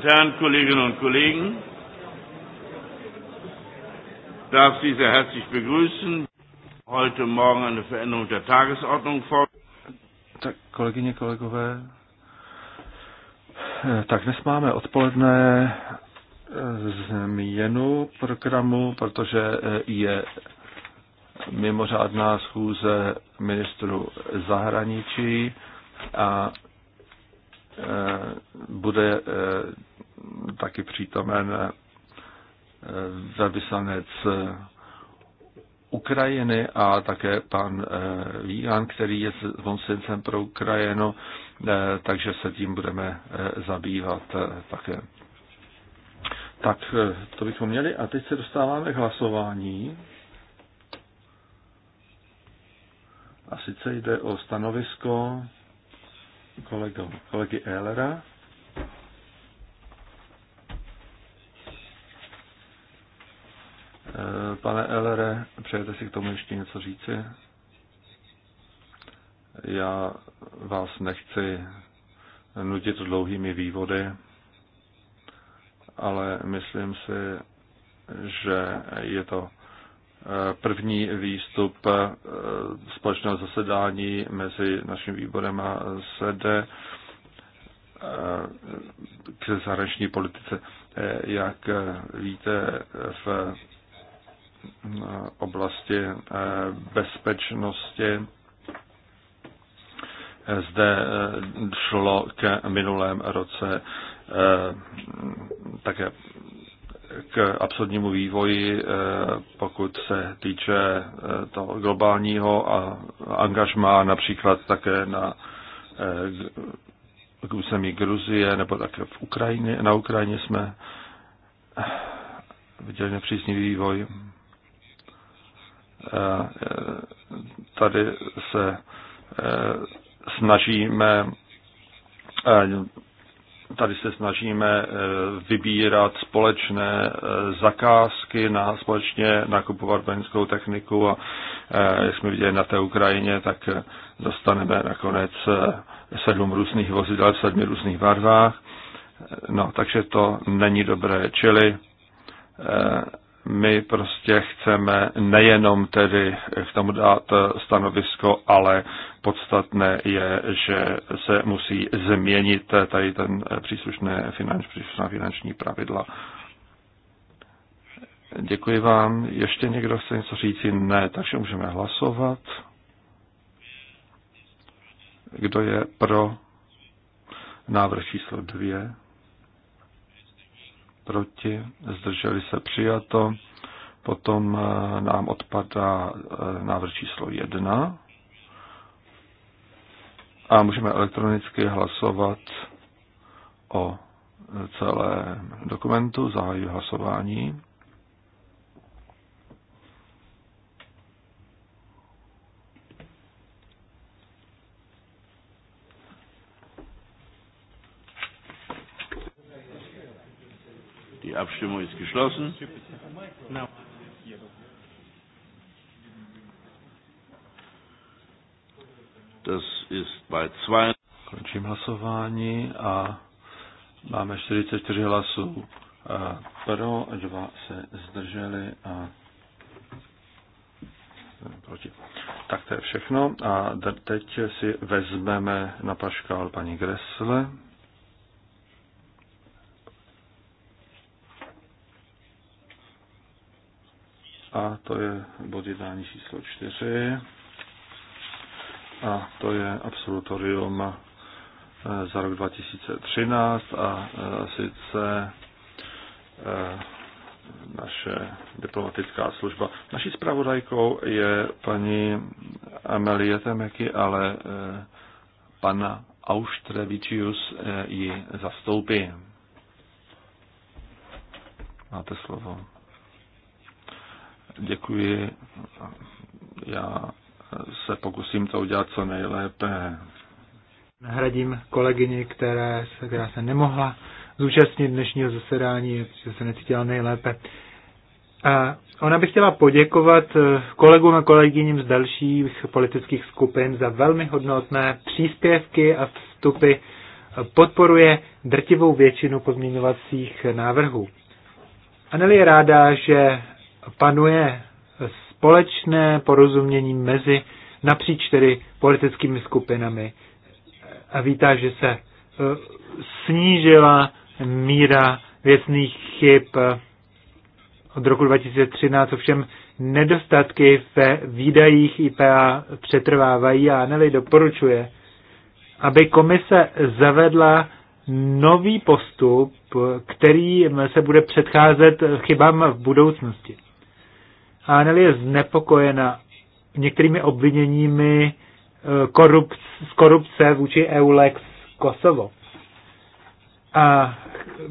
und Herren Kolleginnen und Kollegen, ich darf Sie sehr herzlich begrüßen. Heute Morgen eine Veränderung der Tagesordnung vor. Tak, kolegyně, kolegové, eh, tak dnes máme odpoledne eh, změnu programu, protože eh, je mimořádná schůze ministru zahraničí a Eh, bude eh, taky přítomen eh, velvyslanec Ukrajiny a také pan Vígan, který je koncencem pro Ukrajinu, takže se tím budeme zabývat také. Tak to bychom měli a teď se dostáváme k hlasování. A sice jde o stanovisko kolegou, kolegy Ehlera. E, pane Ehlere, přejete si k tomu ještě něco říci? Já vás nechci nutit dlouhými vývody, ale myslím si, že je to první výstup eh, společného zasedání mezi naším výborem a SED eh, k zahraniční politice. Eh, jak víte, v mm, oblasti bezpečnosti zde šlo k minulém roce také k absolutnímu vývoji, eh, pokud se týče eh, toho globálního a angažmá například také na eh, území Gruzie nebo také v Ukrajině, na Ukrajině jsme viděli nepříznivý vývoj. Tady se snažíme Tady se snažíme eh, vybírat společné eh, zakázky, na, společně nakupovat vojenskou techniku a eh, jak jsme viděli na té Ukrajině, tak dostaneme nakonec sedm různých vozidel v sedmi různých barvách. No, takže to není dobré. Čili my prostě chceme nejenom tedy k tomu dát stanovisko, ale podstatné je, že se musí změnit tady ten příslušné finanč, příslušná finanční pravidla. Děkuji vám. Ještě někdo chce něco říct? Ne, takže můžeme hlasovat. Kdo je pro návrh číslo dvě? proti, zdrželi se přijato. Potom eh, nám odpadá eh, návrh číslo 1. A můžeme elektronicky hlasovat o eh, celém dokumentu, zahájí hlasování. Die Abstimmung ist geschlossen. No. Das ist bei zwei. Končím hlasování a máme 44 hlasů eh, pro, dva se zdrželi a proti. Tak to je všechno a teď si vezmeme na paškál paní Gressle. Vydání číslo 4 a to je absolutorium eh, za rok 2013 a eh, sice eh, naše diplomatická služba. Naší zpravodajkou je paní Amelie Temeky, ale pana Auštrevičius ji zastoupí. Máte slovo. Děkuji. Já se pokusím to udělat co nejlépe. Nahradím kolegyni, které, která se nemohla zúčastnit dnešního zasedání, protože se necítila nejlépe. A ona by chtěla poděkovat eh, kolegům a kolegyním z dalších politických skupin za velmi hodnotné příspěvky a vstupy. Podporuje drtivou většinu pozměňovacích návrhů. Anel je ráda, že panuje společné porozumění mezi napříč tedy politickými skupinami a vítá, že se e, snížila míra věcných chyb od roku 2013, ovšem nedostatky ve výdajích IPA přetrvávají a Anely doporučuje, aby komise zavedla nový postup, který se bude předcházet chybám v budoucnosti. Anel je znepokojena některými obviněními eh, korupce, z korupce vůči EULEX Kosovo. A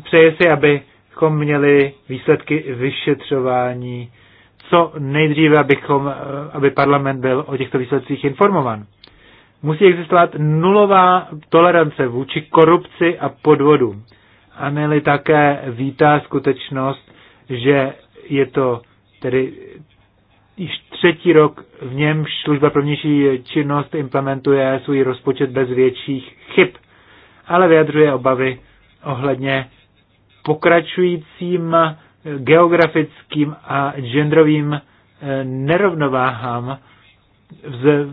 přeje si, abychom měli výsledky vyšetřování co nejdříve, abychom, eh, aby parlament byl o těchto výsledcích informovan. Musí existovat nulová tolerance vůči korupci a A Anely také vítá skutečnost, že je to tedy již třetí rok v něm služba pro vnější činnost implementuje svůj rozpočet bez větších chyb, ale vyjadřuje obavy ohledně pokračujícím geografickým a genderovým eh, nerovnováhám v,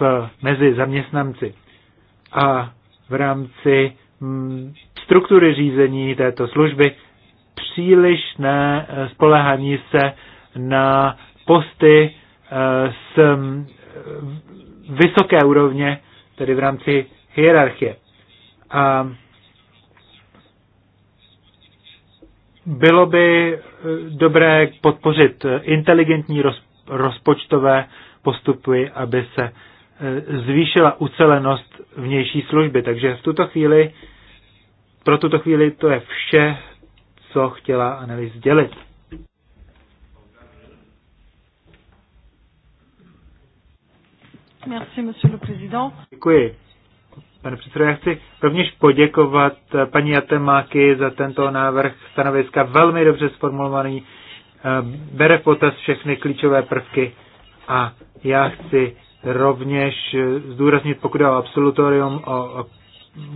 v, mezi zaměstnanci. A v rámci mm, struktury řízení této služby příliš eh, spolehání se na posty z eh, eh, vysoké úrovně, tedy v rámci hierarchie. A bylo by eh, dobré podpořit inteligentní rozpočtové postupy, aby se zvýšila ucelenost vnější služby. Takže v tuto chvíli, pro tuto chvíli to je vše, co chtěla Annelies dělit. Merci, monsieur le président. Děkuji. Pane předsedo, já chci rovněž poděkovat eh, paní Atemáky za tento návrh stanoviska, velmi dobře sformulovaný, eh, bere v potaz všechny klíčové prvky a já chci rovněž eh, zdůraznit, pokud je o absolutorium o, o,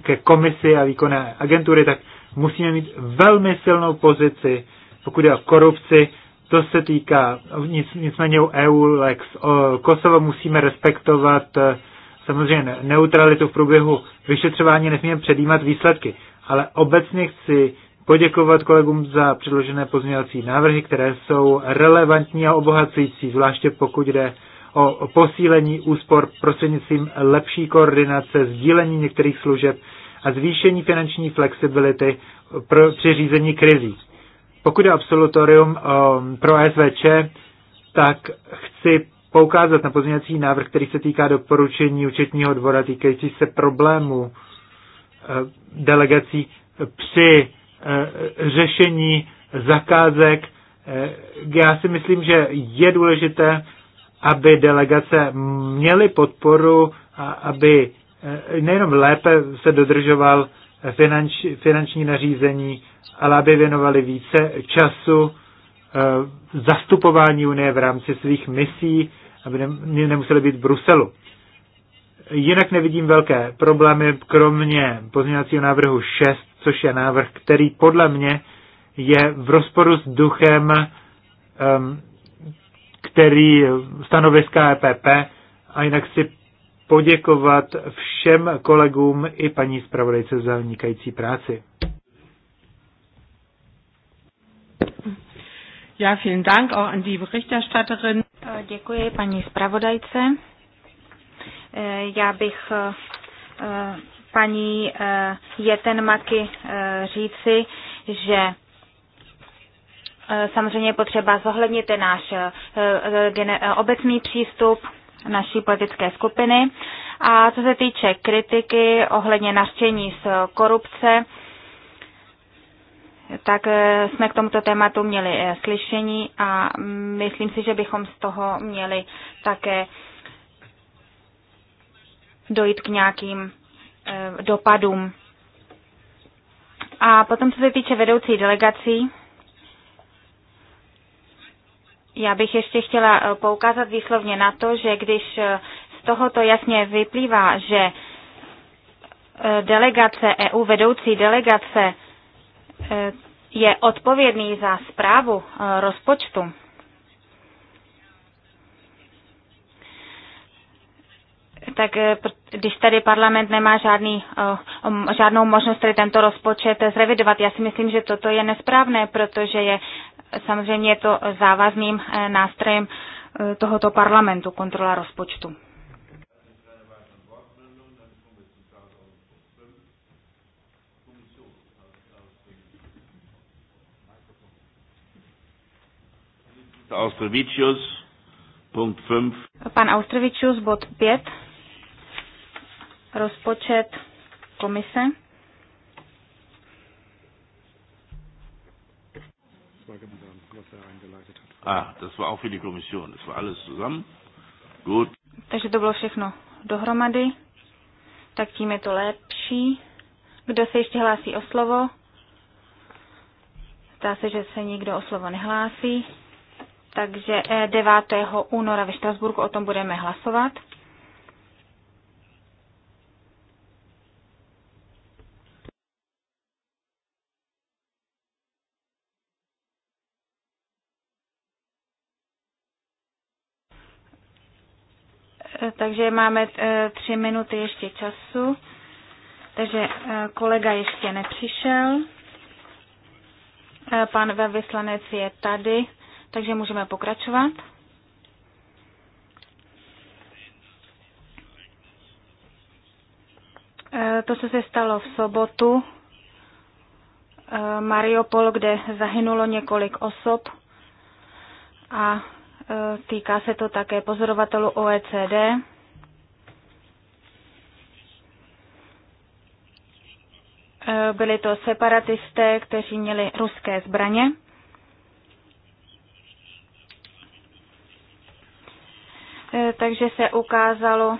ke komisi a výkonné agentury, tak musíme mít velmi silnou pozici, pokud je o korupci co se týká, nic, nicméně u EU, Lex, o Kosovo musíme respektovat eh, samozřejmě neutralitu v průběhu vyšetřování, nesmíme předjímat výsledky. Ale obecně chci poděkovat kolegům za předložené pozměňovací návrhy, které jsou relevantní a obohacující, zvláště pokud jde o posílení úspor prostřednictvím lepší koordinace, sdílení některých služeb a zvýšení finanční flexibility pro, při řízení krizí. Pokud je absolutorium um, pro SVČ, tak chci poukázat na pozměňovací návrh, který se týká doporučení účetního dvora týkající se problému uh, delegací při uh, řešení zakázek. Uh, já si myslím, že je důležité, aby delegace měly podporu a aby nejenom lépe se dodržoval finanč, finanční nařízení, ale aby věnovali více času eh, zastupování Unie v rámci svých misí, aby ne, nemuseli být v Bruselu. Jinak nevidím velké problémy, kromě pozměňovacího návrhu 6, což je návrh, který podle mě je v rozporu s duchem, ehm, který eh, stanoviska EPP, a jinak si poděkovat všem kolegům i paní zpravodajce za vynikající práci. Ja, vielen Dank auch an die Berichterstatterin. Eh, děkuji paní zpravodajce. Eh, já bych eh, paní Jetenmaky říci, že samozřejmě potřeba zohlednit náš obecný přístup naší politické skupiny. A co se týče kritiky ohledně nařčení z korupce, tak eh, jsme k tomuto tématu měli eh, slyšení a myslím si, že bychom z toho měli také dojít k nějakým eh, dopadům. A potom, co se týče vedoucí delegací, já bych ještě chtěla eh, poukázat výslovně na to, že když eh, z tohoto jasně vyplývá, že eh, delegace EU, vedoucí delegace, je odpovědný za zprávu rozpočtu, tak eh, když tady parlament nemá žádný, eh, žádnou možnost tady tento rozpočet zrevidovat, já si myslím, že toto je nesprávné, protože je samozřejmě je to závazným eh, nástrojem tohoto parlamentu kontrola rozpočtu. Punkt 5. Pan Austrovičius, bod 5 rozpočet komise. Ah, das war auch für die Kommission. Das war alles zusammen. Gut. Takže to bylo všechno dohromady. Tak tím je to lepší. Kdo se ještě hlásí o slovo? Zdá se, že se nikdo o slovo nehlásí. Takže 9. Eh, února ve Štrasburku o tom budeme hlasovat. takže máme eh, tři minuty ještě času. Takže eh, kolega ještě nepřišel. Eh, pan Vyslanec je tady, takže můžeme pokračovat. To, co se stalo v sobotu, Mariupol, kde zahynulo několik osob a Týká se to také pozorovatelů OECD. Byli to separatisté, kteří měli ruské zbraně. Takže se ukázalo,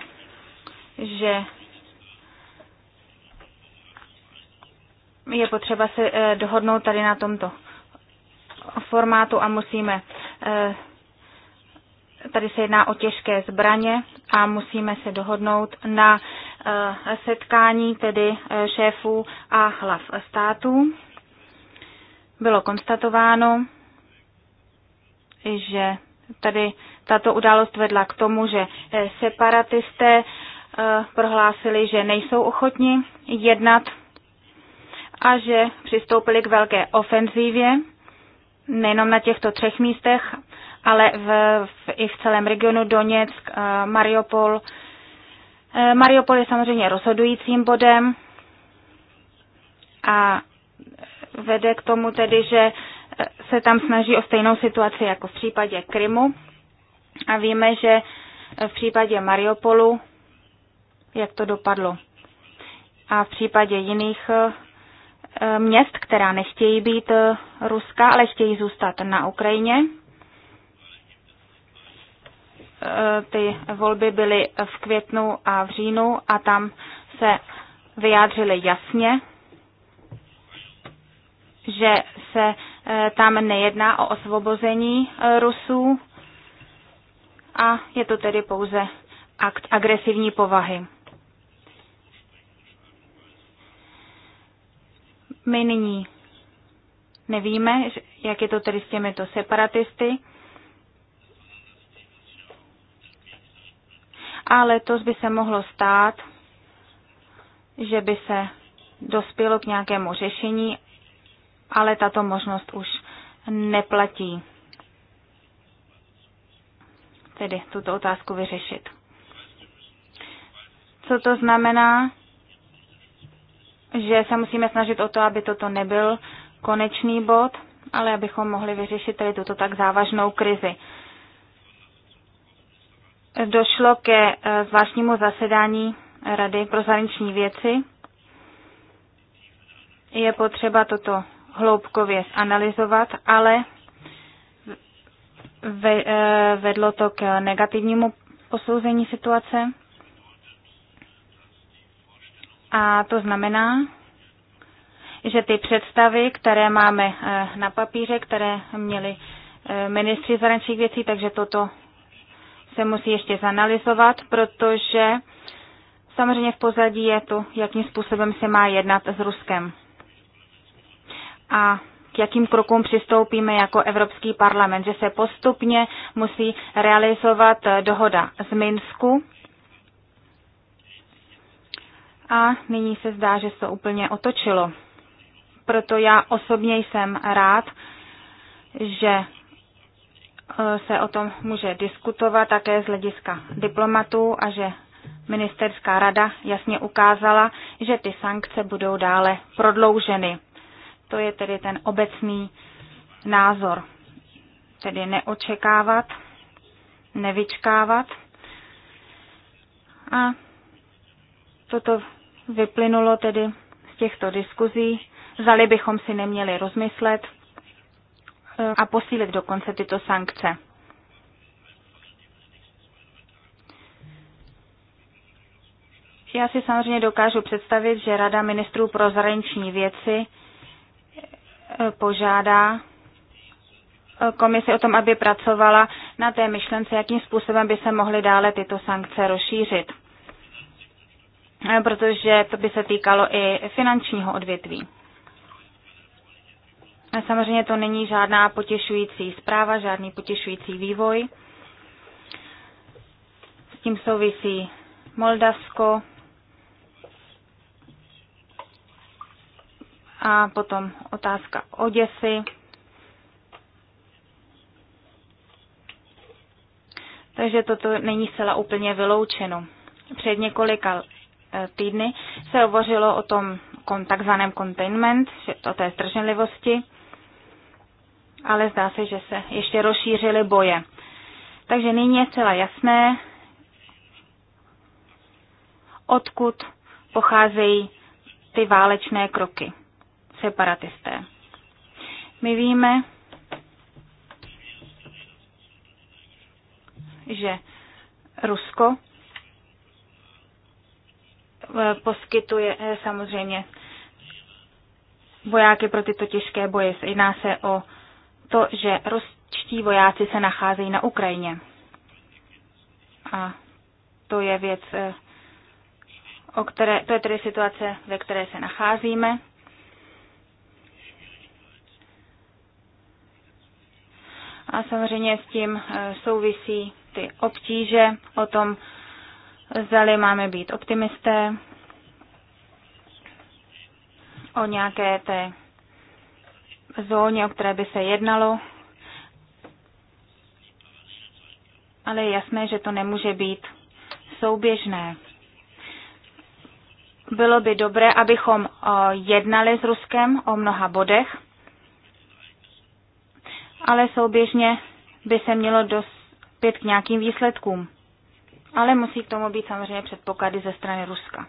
že je potřeba se eh, dohodnout tady na tomto formátu a musíme eh, tady se jedná o těžké zbraně a musíme se dohodnout na eh, setkání tedy eh, šéfů a hlav států. Bylo konstatováno, že tady tato událost vedla k tomu, že eh, separatisté prohlásili, že nejsou ochotni jednat a že přistoupili k velké ofenzívě nejenom na těchto třech místech, ale v, v, i v celém regionu Doněck, eh, Mariupol. Eh, Mariupol je samozřejmě rozhodujícím bodem a vede k tomu tedy, že eh, se tam snaží o stejnou situaci jako v případě Krymu. A víme, že v případě Mariupolu, jak to dopadlo. A v případě jiných měst, která nechtějí být ruská, ale chtějí zůstat na Ukrajině, Eh, ty volby byly v květnu a v říjnu a tam se vyjádřili jasně, že se eh, tam nejedná o osvobození eh, Rusů a je to tedy pouze akt agresivní povahy. My nyní nevíme, jak je to tedy s těmito separatisty. a letos by se mohlo stát, že by se dospělo k nějakému řešení, ale tato možnost už neplatí. Tedy tuto otázku vyřešit. Co to znamená? Že se musíme snažit o to, aby toto nebyl konečný bod, ale abychom mohli vyřešit tedy tuto tak závažnou krizi došlo ke eh, zvláštnímu zasedání Rady pro zahraniční věci. Je potřeba toto hloubkově zanalizovat, ale eh, vedlo to k negativnímu posouzení situace. A to znamená, že ty představy, které máme eh, na papíře, které měli ministři zahraničních věcí, takže toto se musí ještě zanalizovat, protože samozřejmě v pozadí je to, jakým způsobem se má jednat s Ruskem. A k jakým krokům přistoupíme jako Evropský parlament, že se postupně musí realizovat dohoda z Minsku. A nyní se zdá, že se to úplně otočilo. Proto já osobně jsem rád, že Eh, se o tom může diskutovat také z hlediska diplomatů a že ministerská rada jasně ukázala, že ty sankce budou dále prodlouženy. To je tedy ten obecný názor. Tedy neočekávat, nevyčkávat. A toto vyplynulo tedy z těchto diskuzí. Zali bychom si neměli rozmyslet, a posílit dokonce tyto sankce. Já si samozřejmě dokážu představit, že Rada ministrů pro zahraniční věci eh, požádá eh, komisi o tom, aby pracovala na té myšlence, jakým způsobem by se mohly dále tyto sankce rozšířit. Eh, protože to by se týkalo i finančního odvětví. Samozřejmě to není žádná potěšující zpráva, žádný potěšující vývoj. S tím souvisí Moldavsko a potom otázka Oděsy. Takže toto není zcela úplně vyloučeno. Před několika eh, týdny se hovořilo o tom takzvaném containment, o té strženlivosti ale zdá se, že se ještě rozšířily boje. Takže nyní je celá jasné, odkud pocházejí ty válečné kroky separatisté. My víme, že Rusko eh, poskytuje eh, samozřejmě vojáky pro tyto těžké boje. Jedná se o to, že ruští vojáci se nacházejí na Ukrajině. A to je věc, eh, o které, to je tedy situace, ve které se nacházíme. A samozřejmě s tím eh, souvisí ty obtíže o tom, zdali máme být optimisté o nějaké té zóně, o které by se jednalo, ale je jasné, že to nemůže být souběžné. Bylo by dobré, abychom eh, jednali s Ruskem o mnoha bodech, ale souběžně by se mělo dospět k nějakým výsledkům. Ale musí k tomu být samozřejmě předpoklady ze strany Ruska.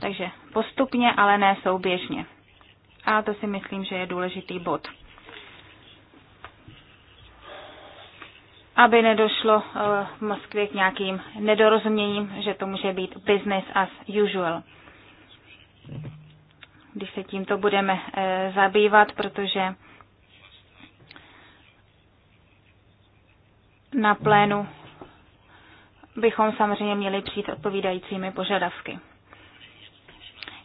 Takže postupně, ale ne souběžně. A to si myslím, že je důležitý bod. aby nedošlo eh, v Moskvě k nějakým nedorozuměním, že to může být business as usual. Když se tímto budeme eh, zabývat, protože na plénu bychom samozřejmě měli přijít odpovídajícími požadavky.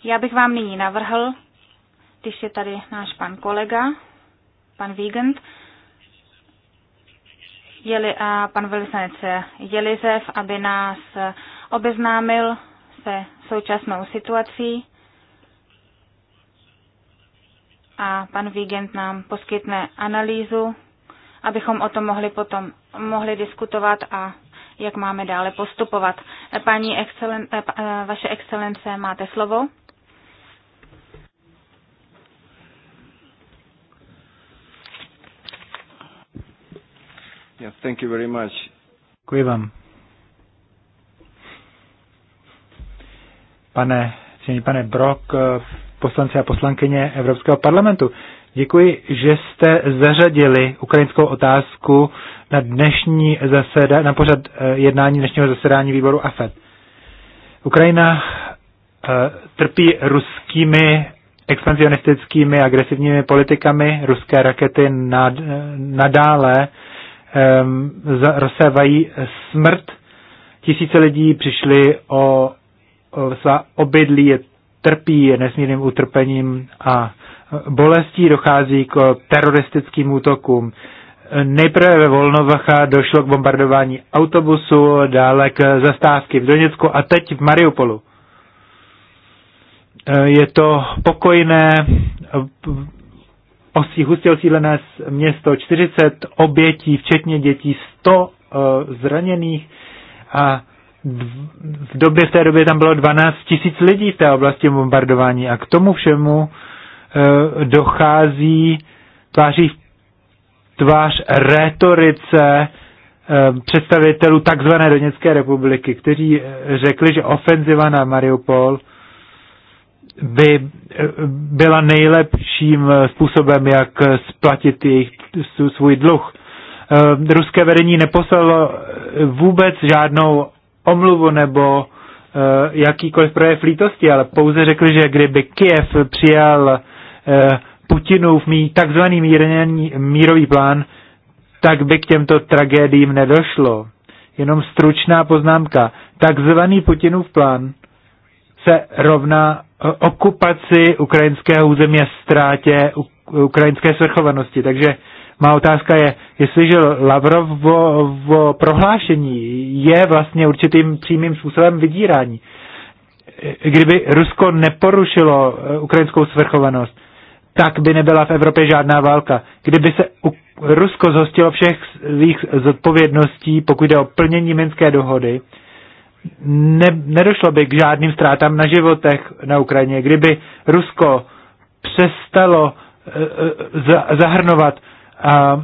Já bych vám nyní navrhl, když je tady náš pan kolega, pan Wiegand, jeli, a pan velvyslanec Jelizev, aby nás obeznámil se současnou situací a pan Vigent nám poskytne analýzu, abychom o tom mohli potom mohli diskutovat a jak máme dále postupovat. Paní excelen, vaše excelence, máte slovo. thank you very much. Děkuji vám. Pane, pane Brok, poslanci a poslankyně Evropského parlamentu, Děkuji, že jste zařadili ukrajinskou otázku na dnešní zaseda, na pořad eh, jednání dnešního zasedání výboru AFED. Ukrajina eh, trpí ruskými expansionistickými agresivními politikami. Ruské rakety nad, eh, nadále Ehm, rozsévají smrt. Tisíce lidí přišli o, svá obydlí, je trpí je nesmírným utrpením a bolestí dochází k teroristickým útokům. Nejprve ve Volnovacha došlo k bombardování autobusu, dále k zastávky v Doněcku a teď v Mariupolu. Ehm, je to pokojné hustě osídlené město, 40 obětí, včetně dětí, 100 eh, zraněných a v době, v té době tam bylo 12 tisíc lidí v té oblasti bombardování a k tomu všemu eh, dochází tváří v tvář rétorice eh, představitelů takzvané Doněcké republiky, kteří řekli, že ofenziva na Mariupol by eh, byla nejlepším eh, způsobem, jak eh, splatit jejich, svůj dluh. Ruské vedení neposlalo vůbec žádnou omluvu nebo jakýkoliv projev lítosti, ale pouze řekli, že kdyby Kiev přijal Putinův mý takzvaný mírný, mírový plán, tak by k těmto tragédiím nedošlo. Jenom stručná poznámka. Takzvaný Putinův plán se rovná okupaci ukrajinského území a ztrátě ukrajinské svrchovanosti. Takže má otázka je, jestliže Lavrov prohlášení je vlastně určitým přímým způsobem vydírání. Kdyby Rusko neporušilo e, ukrajinskou svrchovanost, tak by nebyla v Evropě žádná válka. Kdyby se Rusko zhostilo všech svých zodpovědností, pokud jde o plnění Minské dohody, ne, nedošlo by k žádným ztrátám na životech na Ukrajině, kdyby Rusko přestalo eh, eh, zahrnovat a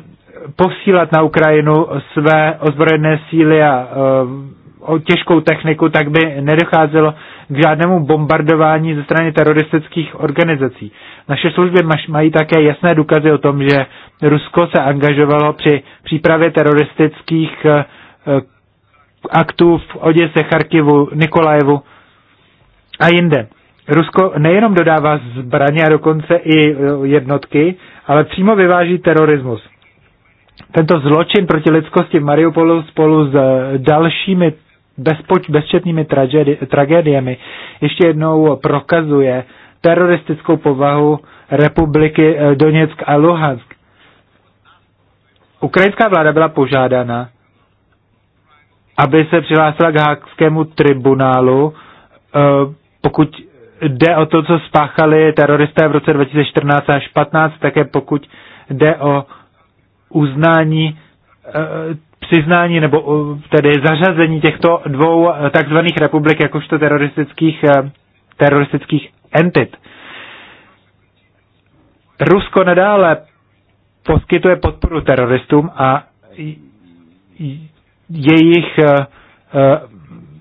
posílat na Ukrajinu své ozbrojené síly a eh, těžkou techniku, tak by nedocházelo k žádnému bombardování ze strany teroristických organizací. Naše služby mají také jasné důkazy o tom, že Rusko se angažovalo při přípravě teroristických aktů v Oděse, Charkivu, Nikolajevu a jinde. Rusko nejenom dodává zbraně a dokonce i e, jednotky, ale přímo vyváží terorismus. Tento zločin proti lidskosti v Mariupolu spolu s e, dalšími bezpoč, bezčetnými tragedi, tragédiemi ještě jednou prokazuje teroristickou povahu republiky e, Doněck a Luhansk. Ukrajinská vláda byla požádána, aby se přihlásila k hákskému tribunálu, eh, pokud jde o to, co spáchali teroristé v roce 2014 až 15, také pokud jde o uznání, eh, přiznání nebo eh, tedy zařazení těchto dvou takzvaných republik jakožto teroristických, teroristických entit. Rusko nadále poskytuje podporu teroristům a jejich eh, eh,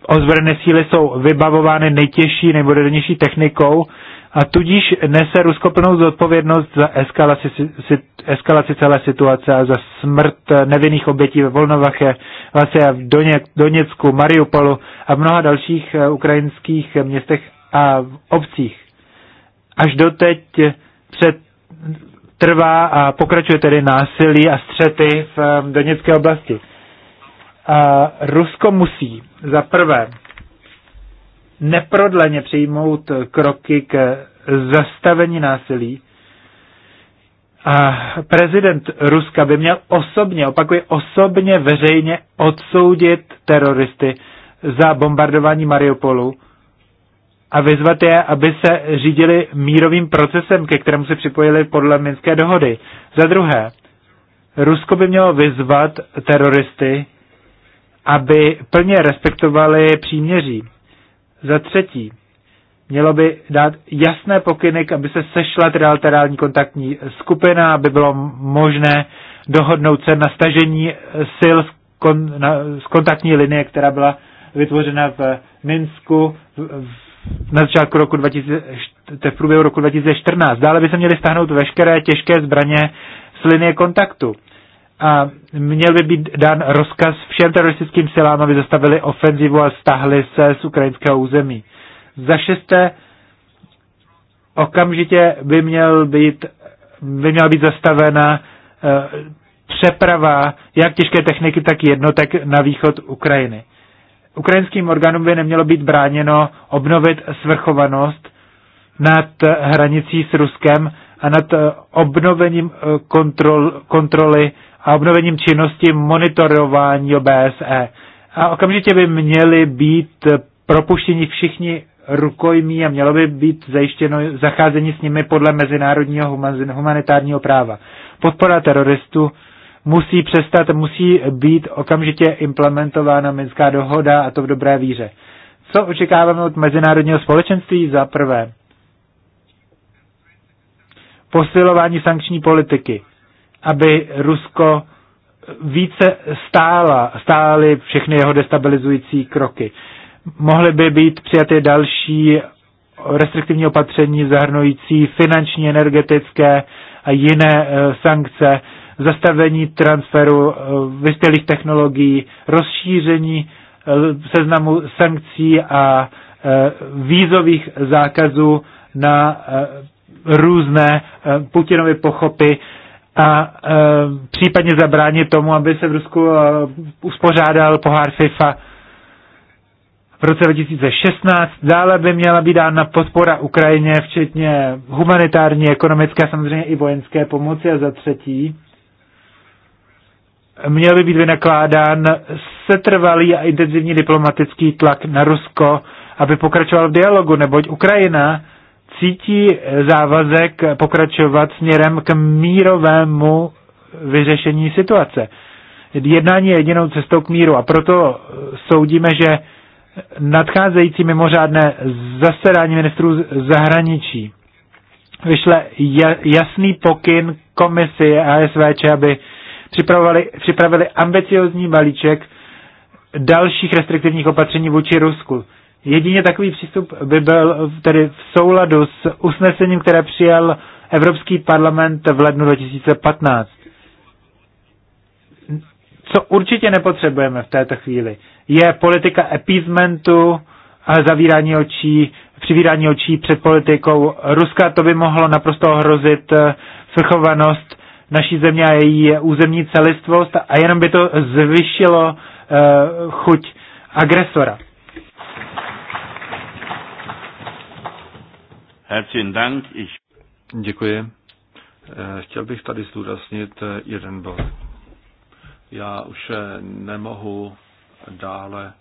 ozbrojené síly jsou vybavovány nejtěžší, nejmodernější technikou a tudíž nese Rusko plnou zodpovědnost za eskalaci, eskalaci celé situace a za smrt eh, nevinných obětí ve Volnovache, vlastně v Doně, Doněcku, Mariupolu a v mnoha dalších ukrajinských městech a obcích. Až doteď před trvá a pokračuje tedy násilí a střety v Doněcké oblasti. A Rusko musí za prvé neprodleně přijmout kroky k zastavení násilí. A prezident Ruska by měl osobně, opakuje osobně veřejně odsoudit teroristy za bombardování Mariupolu a vyzvat je, aby se řídili mírovým procesem, ke kterému se připojili podle Minské dohody. Za druhé, Rusko by mělo vyzvat teroristy aby plně respektovali příměří. Za třetí, mělo by dát jasné pokyny, aby se sešla trilaterální kontaktní skupina, aby bylo možné dohodnout se na stažení sil z, kon, na, z kontaktní linie, která byla vytvořena v Minsku v, v, na začátku roku 2000, v průběhu roku 2014. Dále by se měly stáhnout veškeré těžké zbraně z linie kontaktu a měl by být dán rozkaz všem teroristickým silám, aby zastavili ofenzivu a stahli se z ukrajinského území. Za šesté, okamžitě by, měl být, by měla být zastavena eh, přeprava jak těžké techniky, tak jednotek na východ Ukrajiny. Ukrajinským orgánům by nemělo být bráněno obnovit svrchovanost nad hranicí s Ruskem a nad eh, obnovením eh, kontrol, kontroly a obnovením činnosti monitorování OBSE. A okamžitě by měli být propuštěni všichni rukojmí a mělo by být zajištěno zacházení s nimi podle mezinárodního humanitárního práva. Podpora teroristů musí přestat, musí být okamžitě implementována Minská dohoda a to v dobré víře. Co očekáváme od mezinárodního společenství? Za prvé, posilování sankční politiky aby Rusko více stála, stály všechny jeho destabilizující kroky. Mohly by být přijaty další restriktivní opatření zahrnující finanční, energetické a jiné e, sankce, zastavení transferu e, vyspělých technologií, rozšíření e, seznamu sankcí a vízových zákazů na různé Putinovy pochopy, a e, případně zabránit tomu, aby se v Rusku e, uspořádal pohár FIFA v roce 2016. Dále by měla být dána podpora Ukrajině, včetně humanitární, ekonomické a samozřejmě i vojenské pomoci. A za třetí, měl by být vynakládán setrvalý a intenzivní diplomatický tlak na Rusko, aby pokračoval v dialogu, neboť Ukrajina cítí závazek pokračovat směrem k mírovému vyřešení situace. Jednání je jedinou cestou k míru a proto soudíme, že nadcházející mimořádné zasedání ministrů zahraničí vyšle jasný pokyn komisi ASVČ, aby připravovali, připravili ambiciozní balíček dalších restriktivních opatření vůči Rusku. Jedině takový přístup by byl tedy v souladu s usnesením, které přijal Evropský parlament v lednu 2015. Co určitě nepotřebujeme v této chvíli, je politika appeasementu a zavírání očí, přivírání očí před politikou Ruska. To by mohlo naprosto ohrozit eh, svrchovanost naší země a její územní celistvost a jenom by to zvyšilo eh, chuť agresora. Herzlichen Dank. Ich... Děkuji. Eh, chtěl bych tady zdůraznit eh, jeden bod. Já už eh, nemohu dále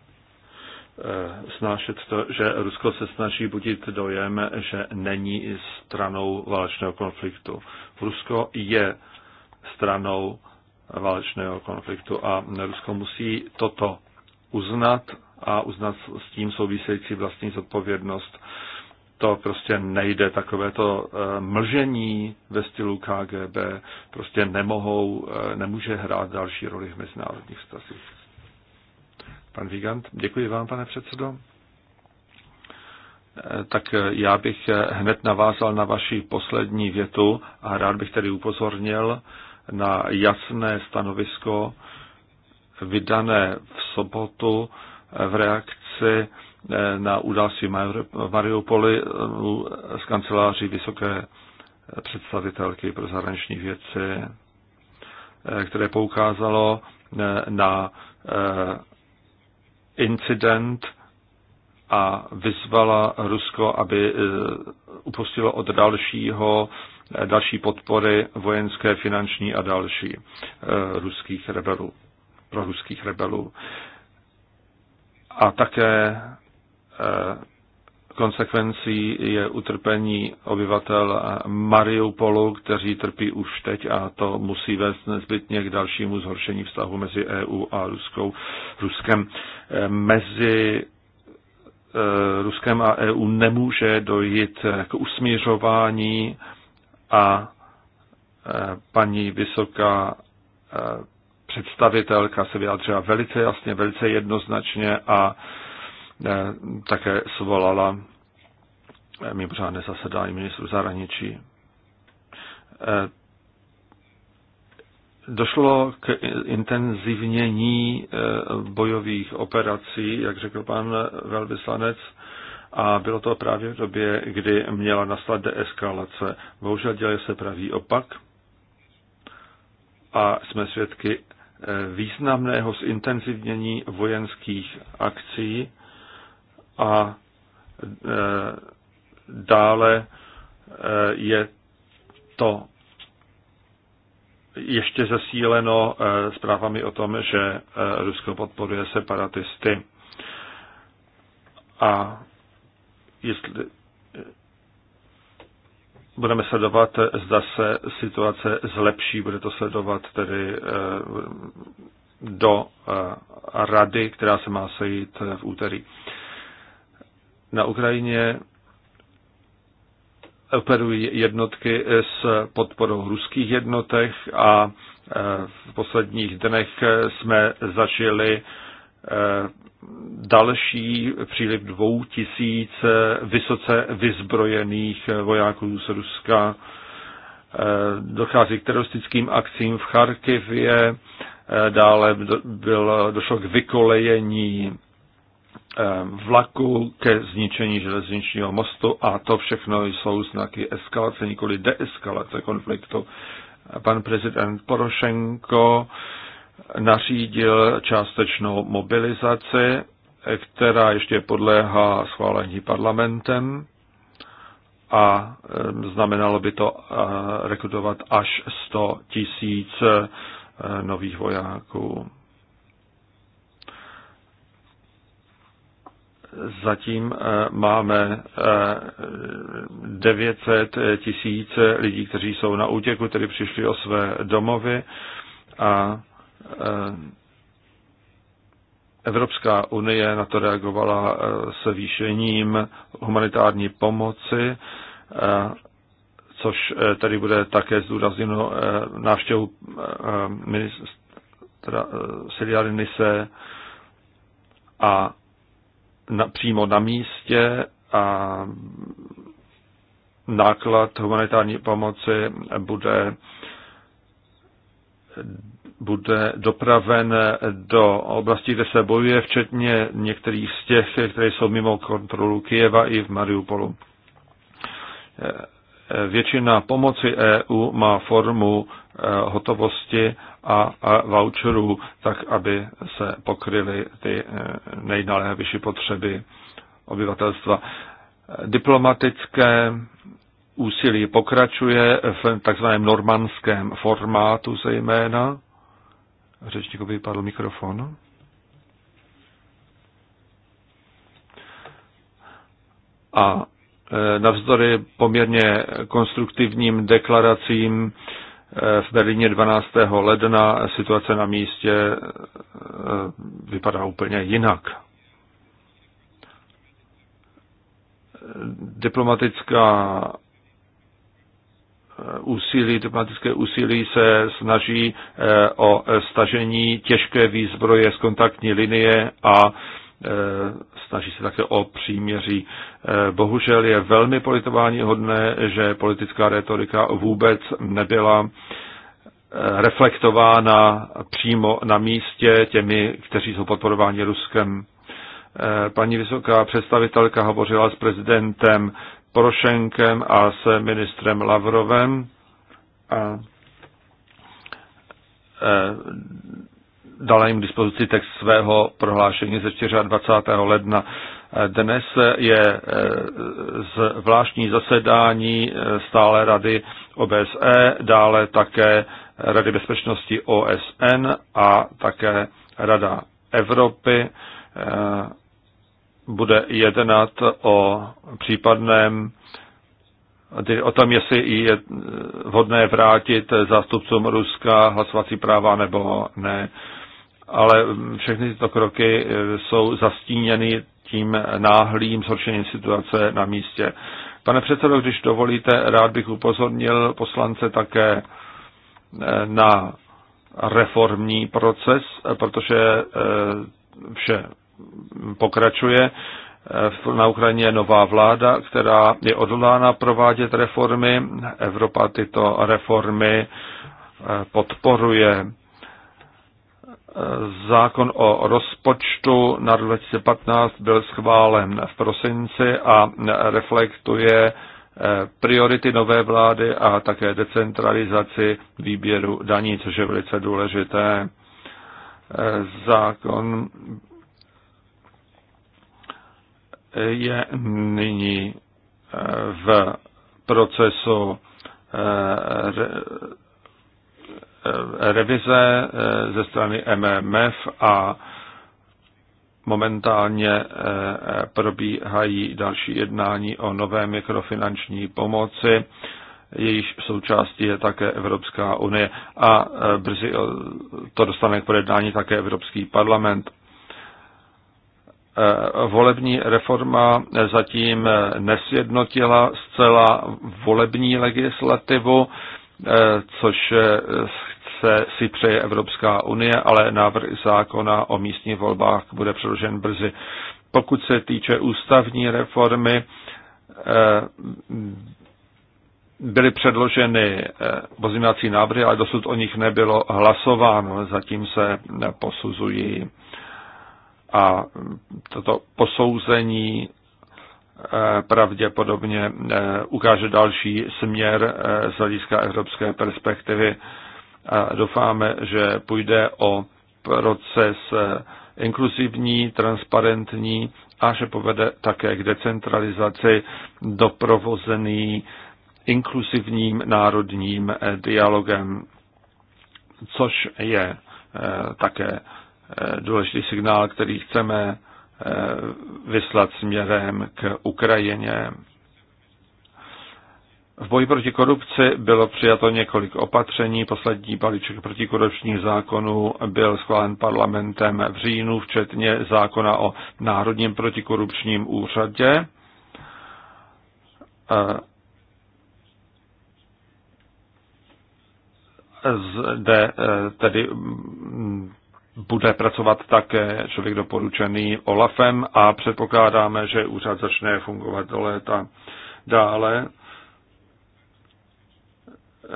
snášet to, že Rusko se snaží budit dojem, že není stranou válečného konfliktu. Rusko je stranou válečného konfliktu a Rusko musí toto uznat a uznat s tím související vlastní zodpovědnost to prostě nejde, takové to eh, mlžení ve stylu KGB prostě nemohou, eh, nemůže hrát další roli v mezinárodních vztazích. Pan Vigant, děkuji vám, pane předsedo. Eh, tak já bych hned navázal na vaši poslední větu a rád bych tedy upozornil na jasné stanovisko vydané v sobotu v reakci na události Mariupoli eh, z kanceláří vysoké představitelky pro zahraniční věci, eh, které poukázalo eh, na incident a vyzvala Rusko, aby upustilo od dalšího, další podpory vojenské, finanční a další ruských rebelů, pro ruských rebelů. A také Eh, konsekvencí je utrpení obyvatel Mariupolu, kteří trpí už teď a to musí vést nezbytně k dalšímu zhoršení vztahu mezi EU a Ruskou, Ruskem. Eh, mezi eh, Ruskem a EU nemůže dojít k usmířování a paní vysoká představitelka se vyjádřila velice jasně, velice jednoznačně a Eh, také svolala eh, mimořádné zasedání ministru zahraničí. Eh, došlo k intenzivnění bojových operací, jak řekl pan velvyslanec, a bylo to právě v době, kdy měla nastat deeskalace. Bohužel děje se pravý opak a jsme svědky významného zintenzivnění vojenských akcí a e, dále e, je to ještě zesíleno e, zprávami o tom, že Rusko podporuje separatisty. A jestli budeme sledovat, zda se situace zlepší, bude to sledovat tedy do rady, která se má sejít v úterý. Na Ukrajině operují jednotky s podporou ruských jednotek a e, v posledních dnech jsme zažili e, další příliv dvou tisíc vysoce vyzbrojených vojáků z Ruska. E, dochází k teroristickým akcím v Charkivě, dále bylo, došlo k vykolejení Eh, vlaku ke zničení železničního mostu a to všechno jsou znaky eskalace, nikoli deeskalace konfliktu. Pan prezident Porošenko nařídil částečnou mobilizaci, která ještě podléhá schválení parlamentem a eh, znamenalo by to eh, rekrutovat až 100 tisíc nových vojáků. Zatím eh, máme 900 eh, tisíc lidí, kteří jsou na útěku, tedy přišli o své domovy a eh, Evropská unie na to reagovala se výšením humanitární pomoci, což tady bude také zdůrazněno návštěvu ministra Siliarinise a na, přímo na místě a náklad humanitární pomoci bude, bude dopraven do oblastí, kde se bojuje, včetně některých z těch, které jsou mimo kontrolu Kijeva i v Mariupolu. Většina pomoci EU má formu eh, hotovosti a voucherů, tak aby se pokryly ty eh, nejnaléhavější potřeby obyvatelstva. Diplomatické úsilí pokračuje v takzvaném normandském formátu zejména. Řečníkovi vypadl mikrofon. A eh, navzdory poměrně konstruktivním deklaracím Eh, v Berlíně 12. ledna situace na místě eh, vypadá úplně jinak. Eh, diplomatická úsilí, diplomatické úsilí se snaží o stažení těžké výzbroje z kontaktní linie a Eh, snaží se také o příměří. Eh, bohužel je velmi politování hodné, že politická retorika vůbec nebyla eh, reflektována přímo na místě těmi, kteří jsou podporováni Ruskem. Paní vysoká představitelka hovořila s prezidentem Porošenkem a s ministrem Lavrovem a dala jim k dispozici text svého prohlášení ze 24. ledna. Dnes je eh, zvláštní zasedání eh, stále rady OBSE, dále také Rady bezpečnosti OSN a také Rada Evropy eh, bude jednat o případném o tom, jestli je vhodné vrátit zástupcům Ruska hlasovací práva nebo ne ale všechny tyto kroky e, jsou zastíněny tím náhlým zhoršením situace na místě. Pane předsedo, když dovolíte, rád bych upozornil poslance také e, na reformní proces, protože e, vše pokračuje. Na Ukrajině je nová vláda, která je odhodlána provádět reformy. Evropa tyto reformy podporuje Zákon o rozpočtu na 2015 byl schválen v prosinci a reflektuje eh, priority nové vlády a také decentralizaci výběru daní, což je velice důležité. Eh, zákon eh, je nyní v procesu Eh, revize eh, ze strany MMF a momentálně eh, probíhají další jednání o nové mikrofinanční pomoci, jejíž součástí je také Evropská unie a brzy to dostane k projednání také Evropský parlament. Volební reforma zatím nesjednotila zcela volební legislativu, Eh, což se eh, si přeje Evropská unie, ale návrh zákona o místních volbách bude předložen brzy. Pokud se týče ústavní reformy, eh, byly předloženy pozměňovací návrhy, ale dosud o nich nebylo hlasováno. Zatím se posuzují a toto posouzení pravděpodobně eh, ukáže další směr eh, z hlediska evropské perspektivy. doufáme, že půjde o proces eh, inkluzivní, transparentní a že povede také k decentralizaci doprovozený inkluzivním národním dialogem, což je také důležitý signál, který chceme Eh, vyslat směrem k Ukrajině. V boji proti korupci bylo přijato několik opatření. Poslední balíček protikorupčních zákonů byl schválen parlamentem v říjnu, včetně zákona o Národním protikorupčním úřadě. Eh, Zde eh, tedy mm, bude pracovat také člověk doporučený OLAFem a předpokládáme, že úřad začne fungovat do léta. Dále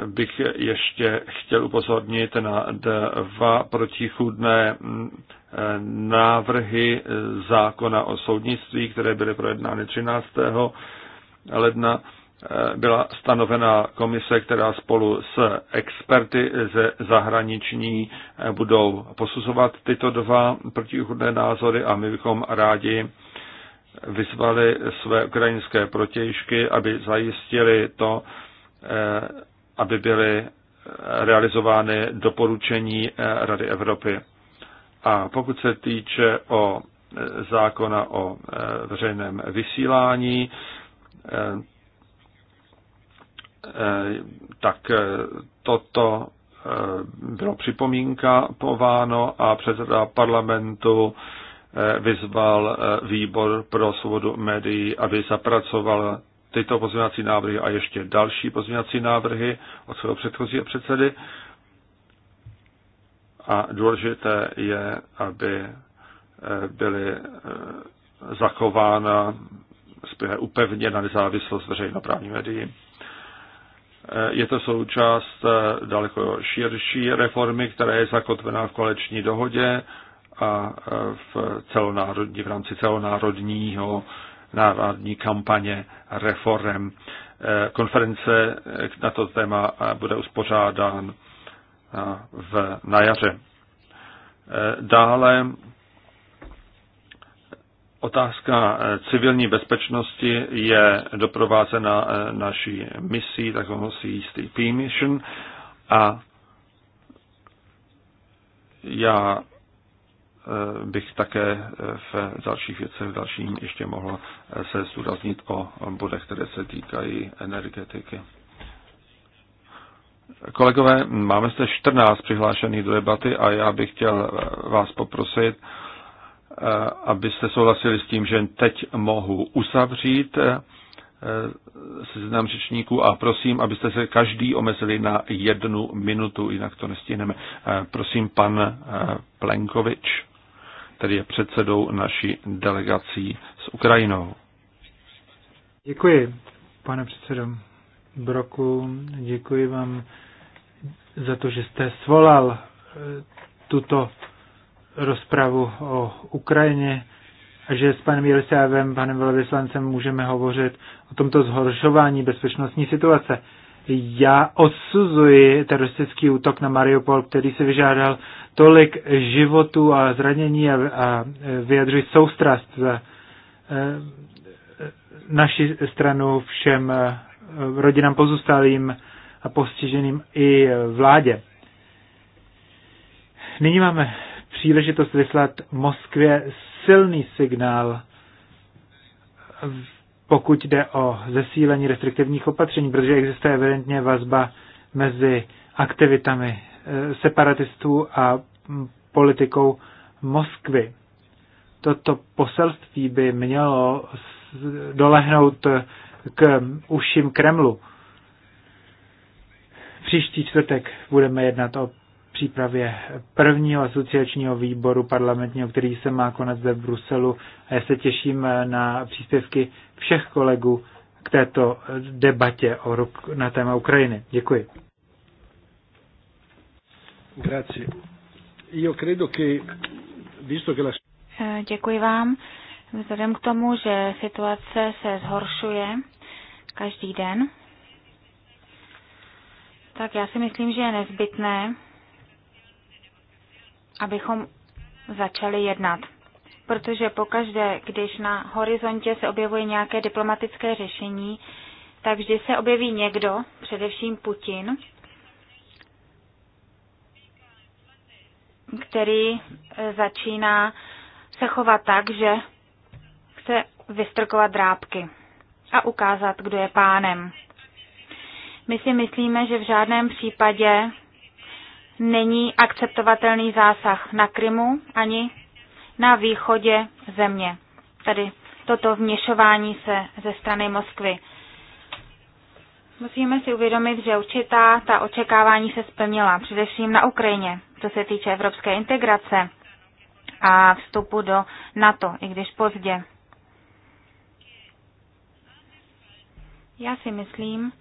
bych ještě chtěl upozornit na dva protichůdné mm, návrhy zákona o soudnictví, které byly projednány 13. ledna Eh, byla stanovena komise, která spolu s experty ze zahraniční eh, budou posuzovat tyto dva protichudné názory a my bychom rádi vyzvali své ukrajinské protějšky, aby zajistili to, eh, aby byly realizovány doporučení Rady Evropy. A pokud se týče o zákona o veřejném vysílání, Eh, tak eh, toto eh, bylo připomínka pováno a předseda parlamentu vyzval výbor pro svobodu médií, aby zapracoval tyto pozměňovací návrhy a ještě další pozměňovací návrhy od svého předchozího předsedy. A důležité je, aby byly zachována, spíše upevněna nezávislost veřejnoprávní médií. Eh, je to součást eh, daleko širší reformy, která je zakotvená v koleční dohodě a eh, v, celonárodní, v rámci celonárodního národní kampaně reform. Konference na to téma bude uspořádán v, na jaře. Dále Otázka eh, civilní bezpečnosti je doprovázena eh, naší misí, takovou CSTP mission, a já eh, bych také v dalších věcech, v dalším ještě mohl se zúraznit o bodech, které se týkají energetiky. Kolegové, máme zde 14 přihlášených do debaty a já bych chtěl vás poprosit, Eh, abyste souhlasili s tím, že teď mohu uzavřít eh, seznam řečníků a prosím, abyste se každý omezili na jednu minutu, jinak to nestihneme. Eh, prosím pan Plenkovič, který je předsedou naší delegací s Ukrajinou. Děkuji, pane předsedo Broku, děkuji vám za to, že jste svolal tuto rozpravu o Ukrajině a že s panem Jelisávem, panem velvyslancem, můžeme hovořit o tomto zhoršování bezpečnostní situace. Já odsuzuji teroristický útok na Mariupol, který se vyžádal tolik životů a zranění a, a vyjadřuji soustrast za eh, naši stranu všem eh, rodinám pozůstalým a postiženým i vládě. Nyní máme příležitost vyslat Moskvě silný signál, pokud jde o zesílení restriktivních opatření, protože existuje evidentně vazba mezi aktivitami eh, separatistů a mm, politikou Moskvy. Toto poselství by mělo dolehnout k uším Kremlu. Příští čtvrtek budeme jednat o přípravě prvního asociačního výboru parlamentního, který se má konat zde v Bruselu. A já se těším na příspěvky všech kolegů k této debatě o ruk na téma Ukrajiny. Děkuji. Eh, děkuji vám. Vzhledem k tomu, že situace se zhoršuje každý den, tak já si myslím, že je nezbytné, abychom začali jednat. Protože pokaždé, když na horizontě se objevuje nějaké diplomatické řešení, tak vždy se objeví někdo, především Putin, který eh, začíná se chovat tak, že chce vystrkovat drábky a ukázat, kdo je pánem. My si myslíme, že v žádném případě není akceptovatelný zásah na Krymu ani na východě země. Tady toto vněšování se ze strany Moskvy. Musíme si uvědomit, že určitá ta očekávání se splnila, především na Ukrajině, co se týče evropské integrace a vstupu do NATO, i když pozdě. Já si myslím,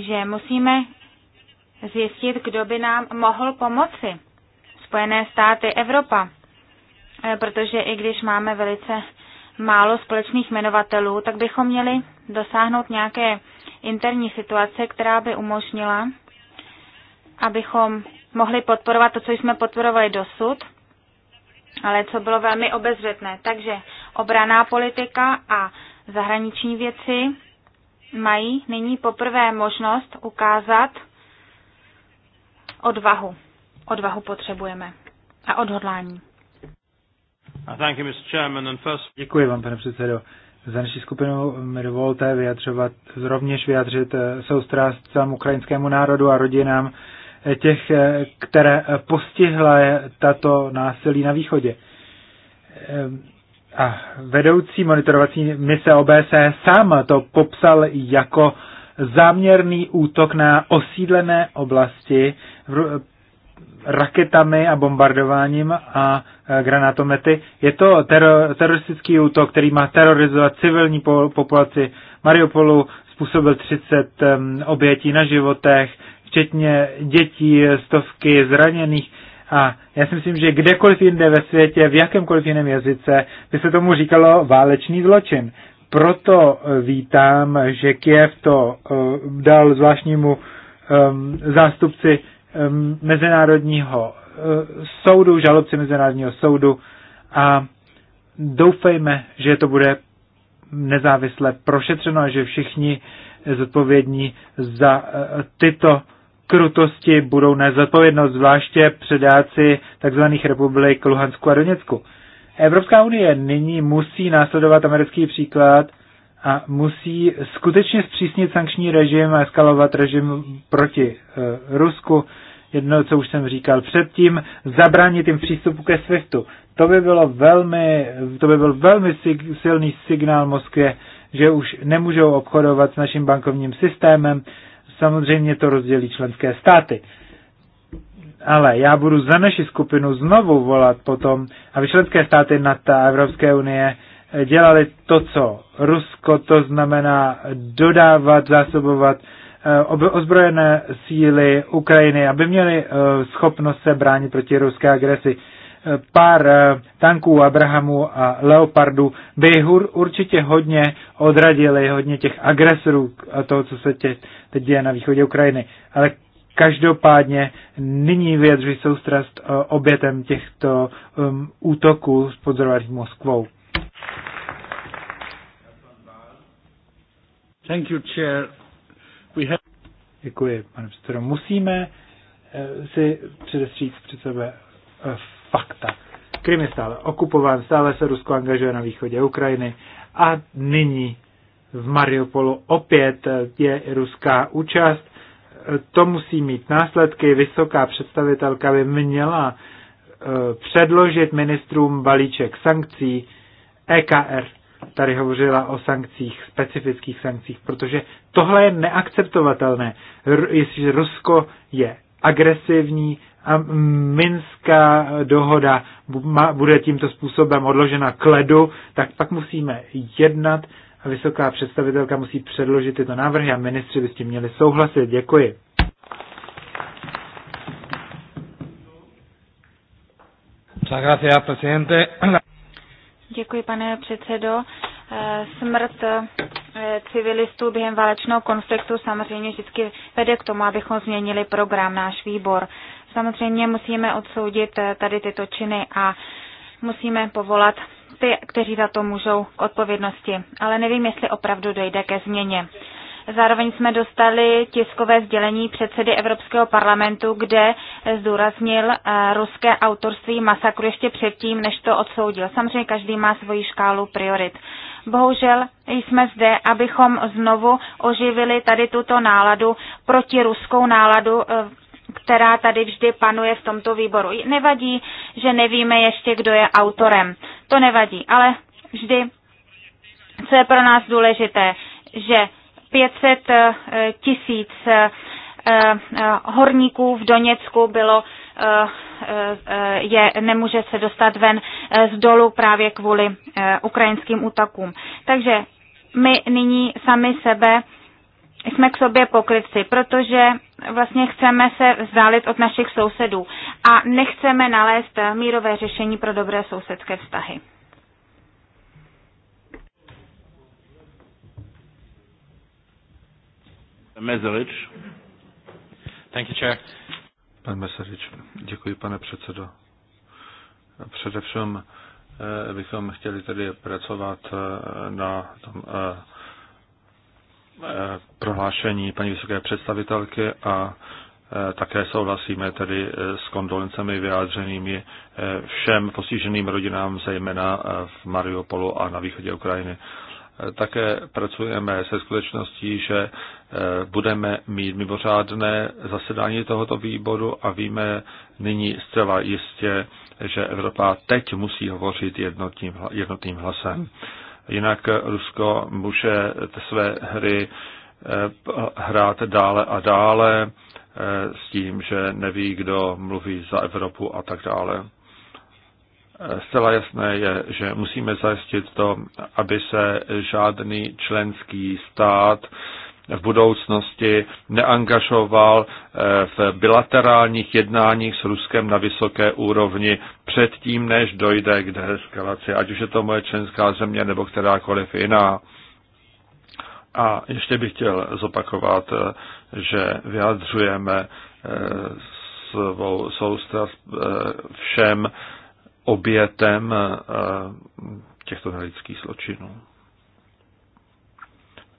že musíme zjistit, kdo by nám mohl pomoci. Spojené státy, Evropa. Eh, protože i když máme velice málo společných jmenovatelů, tak bychom měli dosáhnout nějaké interní situace, která by umožnila, abychom mohli podporovat to, co jsme podporovali dosud, ale co bylo velmi obezřetné. Takže obraná politika a zahraniční věci mají nyní poprvé možnost ukázat, odvahu. Odvahu potřebujeme a odhodlání. Uh, Děkuji vám, pane předsedo. Za naši skupinu mi dovolte vyjadřovat, rovněž vyjadřit eh, soustrast sám ukrajinskému národu a rodinám eh, těch, eh, které postihla tato násilí na východě. A vedoucí monitorovací mise OBSE sám to popsal jako záměrný útok na osídlené oblasti raketami a bombardováním a e, granatomety. Je to teror, teroristický útok, který má terorizovat civilní populaci Mariupolu, způsobil 30 obětí na životech, včetně dětí, stovky zraněných. A já si myslím, že kdekoliv jinde ve světě, v jakémkoliv jiném jazyce, by se tomu říkalo válečný zločin proto eh, vítám, že Kiev to eh, dal zvláštnímu ehm, zástupci ehm, Mezinárodního eh, soudu, žalobci Mezinárodního soudu a doufejme, že to bude nezávisle prošetřeno a že všichni zodpovědní za tyto krutosti budou nezodpovědnost zvláště předáci tzv. republik Luhansku a Doněcku. Evropská unie nyní musí následovat americký příklad a musí skutečně zpřísnit sankční režim a eskalovat režim proti eh, Rusku. Jedno, co už jsem říkal předtím, zabránit jim přístupu ke SWIFTu. To by, bylo velmi, to by byl velmi silný signál Moskvě, že už nemůžou obchodovat s naším bankovním systémem. Samozřejmě to rozdělí členské státy. Ale já budu za naši skupinu znovu volat potom, aby členské státy NATO a Evropské unie dělali to, co Rusko, to znamená dodávat, zásobovat eh, ozbrojené síly Ukrajiny, aby měli eh, schopnost se bránit proti ruské agresi. Eh, pár tanků Abrahamu a Leopardu by určitě hodně odradili, hodně těch agresorů a toho, co se teď děje na východě Ukrajiny. Ale Každopádně nyní vyjadřují soustrast eh, obětem těchto um, útoků sponzorovaných Moskvou. Thank you, chair. We have... Děkuji, pane předsedo. Musíme uh, si předestřít před sebe uh, fakta. Krym je stále okupován, stále se Rusko angažuje na východě Ukrajiny a nyní v Mariupolu opět je ruská účast to musí mít následky. Vysoká představitelka by měla e, předložit ministrům balíček sankcí. EKR tady hovořila o sankcích, specifických sankcích, protože tohle je neakceptovatelné. R- jestliže Rusko je agresivní a Minská dohoda bude tímto způsobem odložena k ledu, tak pak musíme jednat a vysoká představitelka musí předložit tyto návrhy a ministři by s tím měli souhlasit. Děkuji. Děkuji, pane předsedo. Eh, smrt eh, civilistů během válečného konfliktu samozřejmě vždycky vede k tomu, abychom změnili program náš výbor. Samozřejmě musíme odsoudit eh, tady tyto činy a musíme povolat ty, kteří za to můžou k odpovědnosti. Ale nevím, jestli opravdu dojde ke změně. Zároveň jsme dostali tiskové sdělení předsedy Evropského parlamentu, kde zdůraznil eh, ruské autorství masakru ještě předtím, než to odsoudil. Samozřejmě každý má svoji škálu priorit. Bohužel jsme zde, abychom znovu oživili tady tuto náladu, protiruskou náladu eh, která tady vždy panuje v tomto výboru. Nevadí, že nevíme ještě, kdo je autorem. To nevadí, ale vždy, co je pro nás důležité, že 500 eh, tisíc eh, eh, horníků v Doněcku bylo, je, nemůže se dostat ven z dolu právě kvůli ukrajinským útakům. Takže my nyní sami sebe jsme k sobě pokrytci, protože vlastně chceme se vzdálit od našich sousedů a nechceme nalézt mírové řešení pro dobré sousedské vztahy. Mezerič. Thank you, Chair. Pan Meserič, děkuji, pane předsedo. Především eh, bychom chtěli tedy pracovat eh, na tom eh, Eh, prohlášení paní vysoké představitelky a eh, také souhlasíme tedy eh, s kondolencemi vyjádřenými všem postiženým rodinám, zejména v Mariupolu a na východě Ukrajiny. Také pracujeme se skutečností, že budeme mít mimořádné zasedání tohoto výboru a víme nyní zcela jistě, že Evropa teď musí hovořit jednotným, hlasem. Hmm Jinak Rusko může své hry eh, hrát dále a dále eh, s tím, že neví, kdo mluví za Evropu a tak dále. Eh, zcela jasné je, že musíme zajistit to, aby se žádný členský stát v budoucnosti neangažoval eh, v bilaterálních jednáních s Ruskem na vysoké úrovni předtím, než dojde k deeskalaci, ať už je to moje členská země nebo kterákoliv jiná. A ještě bych chtěl zopakovat, eh, že vyjadřujeme eh, svou soustrast všem obětem těchto nelidských zločinů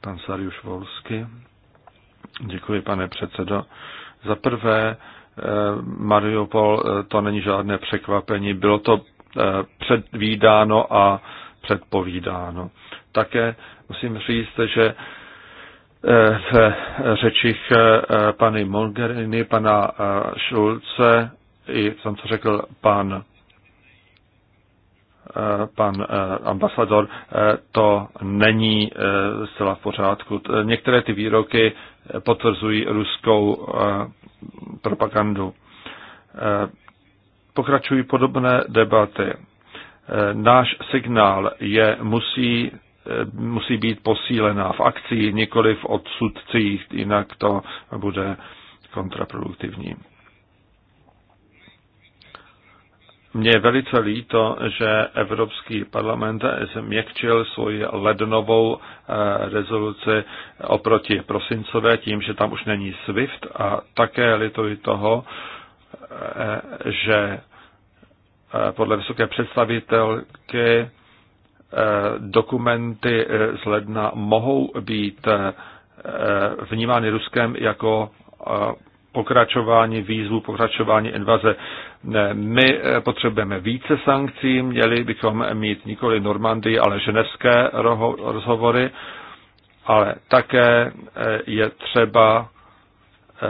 pan Sariuš Volsky. Děkuji, pane předsedo. Za prvé, eh, Mariupol, eh, to není žádné překvapení, bylo to eh, předvídáno a předpovídáno. Také musím říct, že v řečích pany Mongerini, pana Šulce i v tom, co řekl pan Eh, pan eh, ambasador, eh, to není zcela v pořádku. Některé ty výroky potvrzují ruskou propagandu. Pokračují podobné debaty. Náš signál je, musí, musí být posílená v akcích, nikoli v odsudcích, jinak to bude kontraproduktivní. Mně je velice líto, že Evropský parlament změkčil svoji lednovou eh, rezoluci oproti prosincové tím, že tam už není SWIFT a také lituji toho, eh, že eh, podle vysoké představitelky dokumenty z ledna mohou být vnímány Ruskem jako pokračování výzvu, pokračování invaze. My eh, potřebujeme více sankcí, měli bychom mít nikoli Normandii, ale ženevské rozhovory, ale také eh, je třeba eh,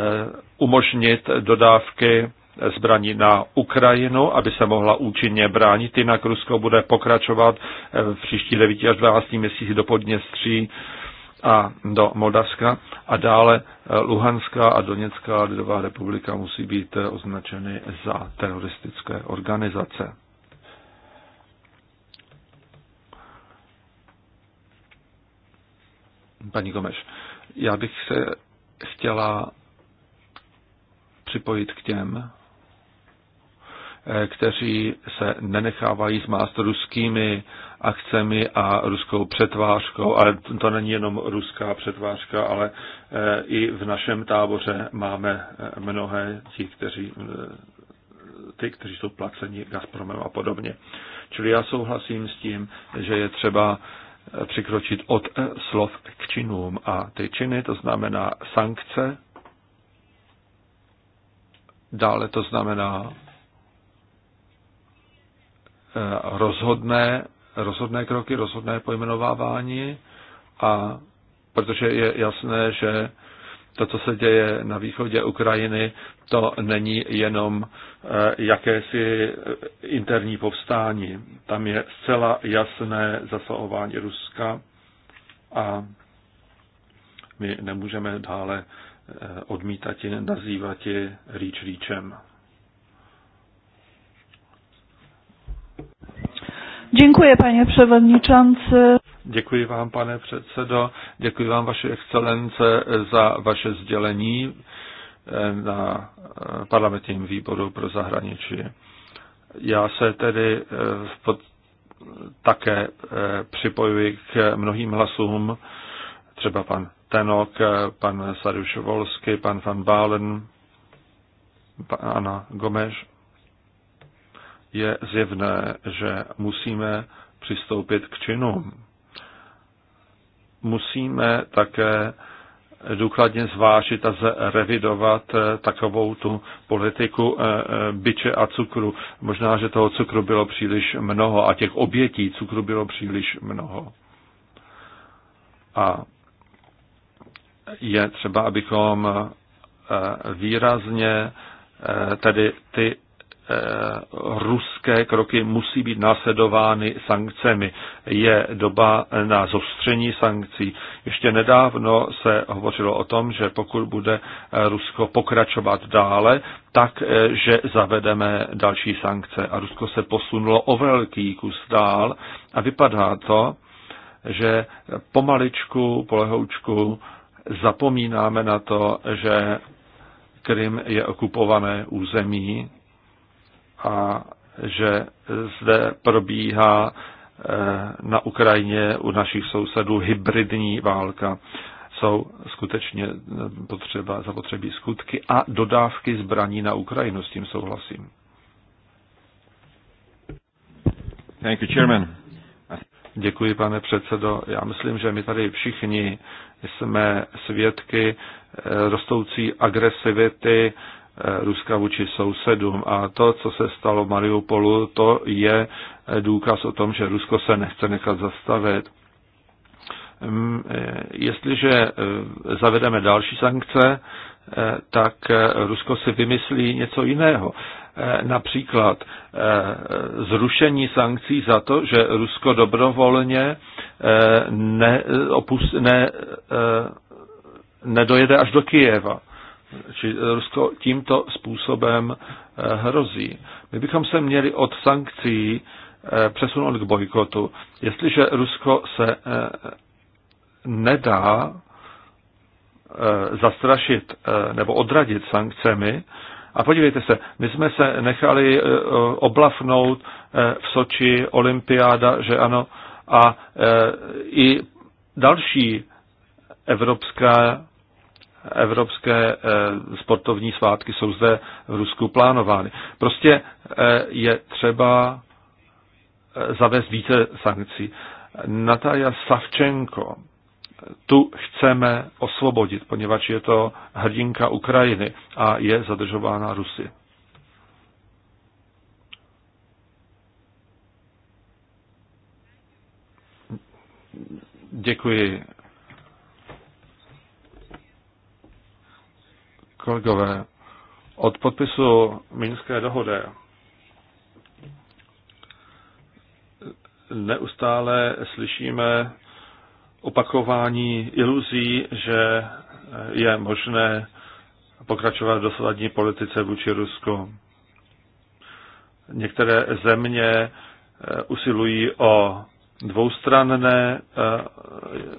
umožnit dodávky zbraní na Ukrajinu, aby se mohla účinně bránit. Jinak Rusko bude pokračovat v příští 9 až 12 měsících do Podněstří a do Moldavska a dále eh, Luhanská a Doněcká lidová republika musí být eh, označeny za teroristické organizace. Paní Gomeš, já bych se chtěla připojit k těm, eh, kteří se nenechávají zmást ruskými akcemi a ruskou přetvářkou, ale to není jenom ruská přetvářka, ale e, i v našem táboře máme e, mnohé ti, kteří, e, ty, kteří jsou placeni Gazpromem a podobně. Čili já souhlasím s tím, že je třeba přikročit od slov k činům. A ty činy, to znamená sankce, dále to znamená rozhodné rozhodné kroky, rozhodné pojmenovávání a protože je jasné, že to, co se děje na východě Ukrajiny, to není jenom eh, jakési eh, interní povstání. Tam je zcela jasné zasahování Ruska a my nemůžeme dále eh, odmítat, nazývat je rýč rýčem. Děkuji, pane předsedající. Děkuji vám, pane předsedo. Děkuji vám, vaše excelence, za vaše sdělení eh, na eh, parlamentním výboru pro zahraničí. Já se tedy eh, pod, také připojuji k mnohým hlasům, třeba pan Tenok, pan Sariuš Volsky, pan Van Balen, ana Gomeš je zjevné, že musíme přistoupit k činům. Musíme také důkladně zvážit a zrevidovat eh, takovou tu politiku eh, eh, byče a cukru. Možná, že toho cukru bylo příliš mnoho a těch obětí cukru bylo příliš mnoho. A je třeba, abychom výrazně tedy ty ruské kroky musí být následovány sankcemi. Je doba na zostření sankcí. Ještě nedávno se hovořilo o tom, že pokud bude Rusko pokračovat dále, tak, eh, že zavedeme další sankce. A Rusko se posunulo o velký kus dál a vypadá to, že pomaličku, polehoučku zapomínáme na to, že Krym je okupované území a že zde probíhá eh, na Ukrajině u našich sousedů hybridní válka. Jsou skutečně eh, potřeba, zapotřebí skutky a dodávky zbraní na Ukrajinu, s tím souhlasím. Thank you, Chairman. Děkuji, pane předsedo. Já myslím, že my tady všichni jsme svědky eh, rostoucí agresivity Eh, Ruska vůči sousedům. A to, co se stalo v Mariupolu, to je eh, důkaz o tom, že Rusko se nechce nechat zastavit. Mm, eh, jestliže zavedeme další sankce, tak Rusko si vymyslí něco jiného. Například zrušení sankcí za to, že Rusko dobrovolně neopust, ne, nedojede až do Kijeva. Či eh, Rusko tímto způsobem eh, hrozí. My bychom se měli od sankcí eh, přesunout k bojkotu. Jestliže Rusko se nedá zastrašit nebo odradit sankcemi, a podívejte se, my jsme se nechali oblafnout v Soči, olympiáda, že ano, a i další evropská evropské eh, sportovní svátky jsou zde v Rusku plánovány. Prostě eh, je třeba eh, zavést více sankcí. Nataja Savčenko, tu chceme osvobodit, poněvadž je to hrdinka Ukrajiny a je zadržována Rusy. Děkuji Kolegové, od podpisu Minské dohody neustále slyšíme opakování iluzí, že je možné pokračovat v dosavadní politice vůči Rusku. Některé země eh, usilují o dvoustranné eh,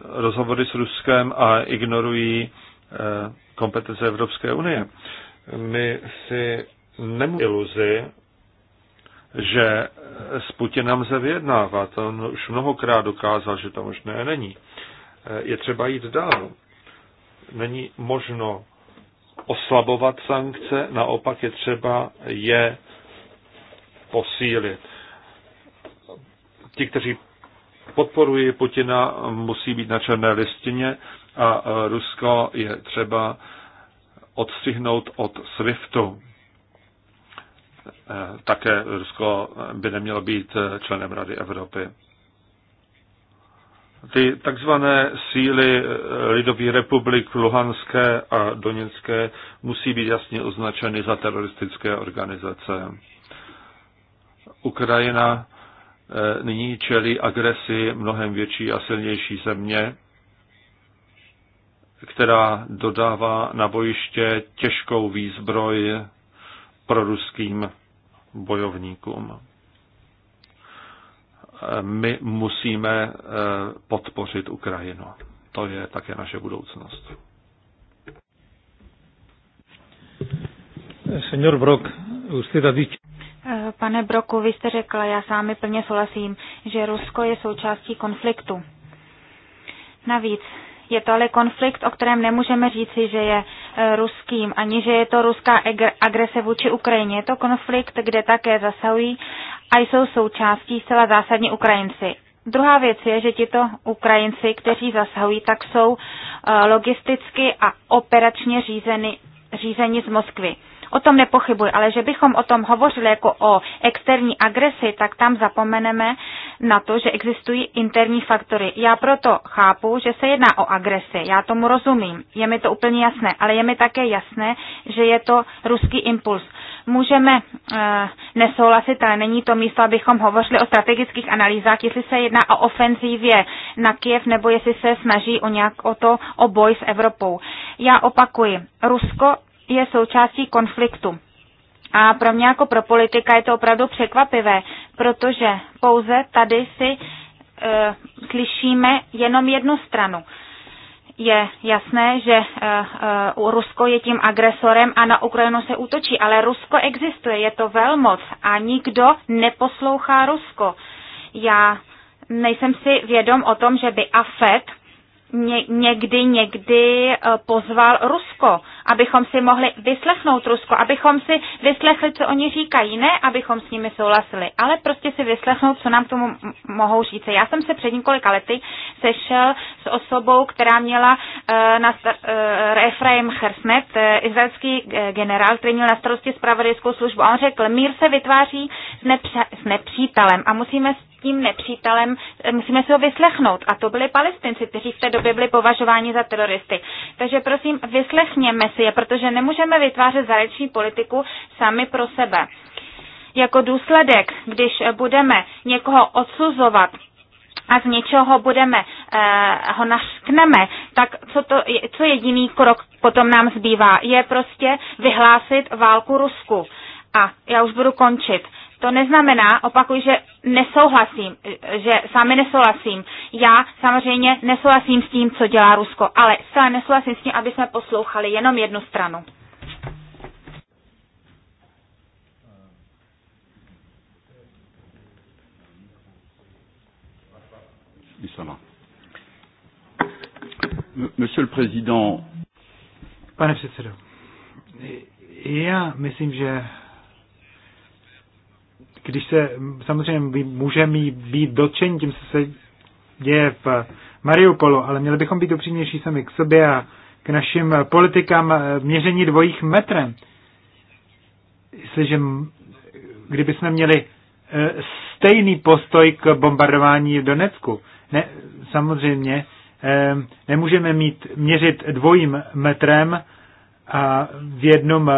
rozhovory s Ruskem a ignorují eh, kompetence Evropské unie. My si nemůžeme iluzi, že s Putinem se vyjednávat. On už mnohokrát dokázal, že to možné není. Je třeba jít dál. Není možno oslabovat sankce, naopak je třeba je posílit. Ti, kteří podporují Putina, musí být na černé listině a e, Rusko je třeba odstřihnout od SWIFTu. E, také Rusko by nemělo být e, členem Rady Evropy. Ty takzvané síly lidových republik Luhanské a Doněcké musí být jasně označeny za teroristické organizace. Ukrajina nyní čelí agresi mnohem větší a silnější země která dodává na bojiště těžkou výzbroj pro ruským bojovníkům. My musíme eh, podpořit Ukrajinu. To je také naše budoucnost. Senor Brok, eh, Pane Broku, vy jste řekl, já s vámi plně souhlasím, že Rusko je součástí konfliktu. Navíc je to ale konflikt, o kterém nemůžeme říci, že je e, ruským, ani že je to ruská agrese vůči Ukrajině. Je to konflikt, kde také zasahují a jsou součástí zcela zásadně Ukrajinci. Druhá věc je, že tito Ukrajinci, kteří zasahují, tak jsou e, logisticky a operačně řízeni, řízeni z Moskvy o tom nepochybuji, ale že bychom o tom hovořili jako o externí agresi, tak tam zapomeneme na to, že existují interní faktory. Já proto chápu, že se jedná o agresi, já tomu rozumím, je mi to úplně jasné, ale je mi také jasné, že je to ruský impuls. Můžeme e, nesouhlasit, ale není to místo, abychom hovořili o strategických analýzách, jestli se jedná o ofenzívě na Kiev nebo jestli se snaží o nějak o to o boj s Evropou. Já opakuji, Rusko je součástí konfliktu. A pro mě jako pro politika je to opravdu překvapivé, protože pouze tady si e, slyšíme jenom jednu stranu. Je jasné, že e, e, Rusko je tím agresorem a na Ukrajinu se útočí, ale Rusko existuje, je to velmoc a nikdo neposlouchá Rusko. Já nejsem si vědom o tom, že by AFET ně, někdy, někdy eh, pozval Rusko, abychom si mohli vyslechnout Rusko, abychom si vyslechli, co oni říkají, ne abychom s nimi souhlasili, ale prostě si vyslechnout, co nám tomu mohou říct. Já jsem se před několika lety sešel s osobou, která měla eh, na star, eh, Efraim uh, izraelský generál, který měl na starosti spravodajskou službu. A on řekl, mír se vytváří s, nepře, s nepřítelem a musíme tím nepřítelem, eh, musíme si ho vyslechnout. A to byli palestinci, kteří v té době byli považováni za teroristy. Takže prosím, vyslechněme si je, protože nemůžeme vytvářet zahraniční politiku sami pro sebe. Jako důsledek, když budeme někoho odsuzovat, a z něčeho budeme, eh, ho naškneme, tak co, to, co jediný krok potom nám zbývá? Je prostě vyhlásit válku Rusku. A já už budu končit. To neznamená, opakuj, že nesouhlasím, že sami nesouhlasím. Já samozřejmě nesouhlasím s tím, co dělá Rusko, ale zcela nesouhlasím s tím, aby jsme poslouchali jenom jednu stranu. Monsieur le Président. Pane předsedo, já myslím, že když se samozřejmě můžeme být dotčení tím, co se děje v Mariupolu, ale měli bychom být upřímnější sami k sobě a k našim politikám eh, měření dvojích metrem. Jestliže kdyby jsme měli eh, stejný postoj k bombardování v Donecku. Ne, samozřejmě eh, nemůžeme mít, měřit dvojím metrem a v jednom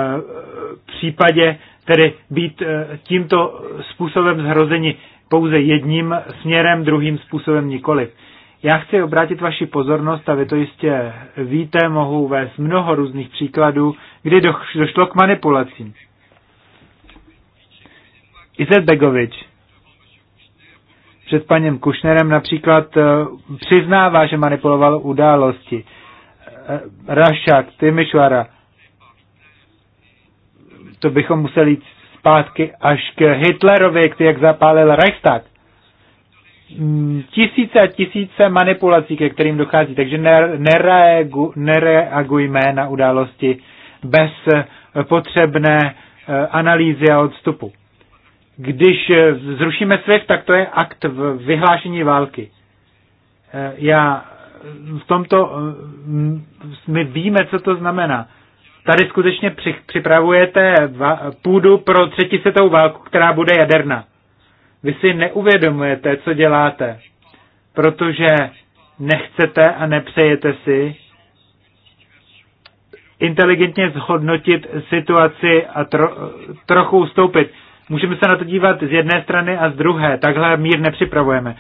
případě tedy být eh, tímto způsobem zhrozeni pouze jedním směrem, druhým způsobem nikoliv. Já chci obrátit vaši pozornost, a vy to jistě víte, mohu vést mnoho různých příkladů, kdy došlo k manipulacím. Begovič před panem Kušnerem například eh, přiznává, že manipuloval události. Eh, Rašak, Timišvara, to bychom museli jít zpátky až k Hitlerovi, který jak zapálil Reichstag. Mm, tisíce a tisíce manipulací, ke kterým dochází, takže nereagu, nereagujme na události bez eh, potřebné eh, analýzy a odstupu. Když eh, zrušíme SWIFT, tak to je akt v vyhlášení války. Já v tomto, my víme, co to znamená tady skutečně připravujete půdu pro třetí světovou válku, která bude jaderná. Vy si neuvědomujete, co děláte, protože nechcete a nepřejete si inteligentně zhodnotit situaci a tro, trochu ustoupit. Můžeme se na to dívat z jedné strany a z druhé. Takhle mír nepřipravujeme.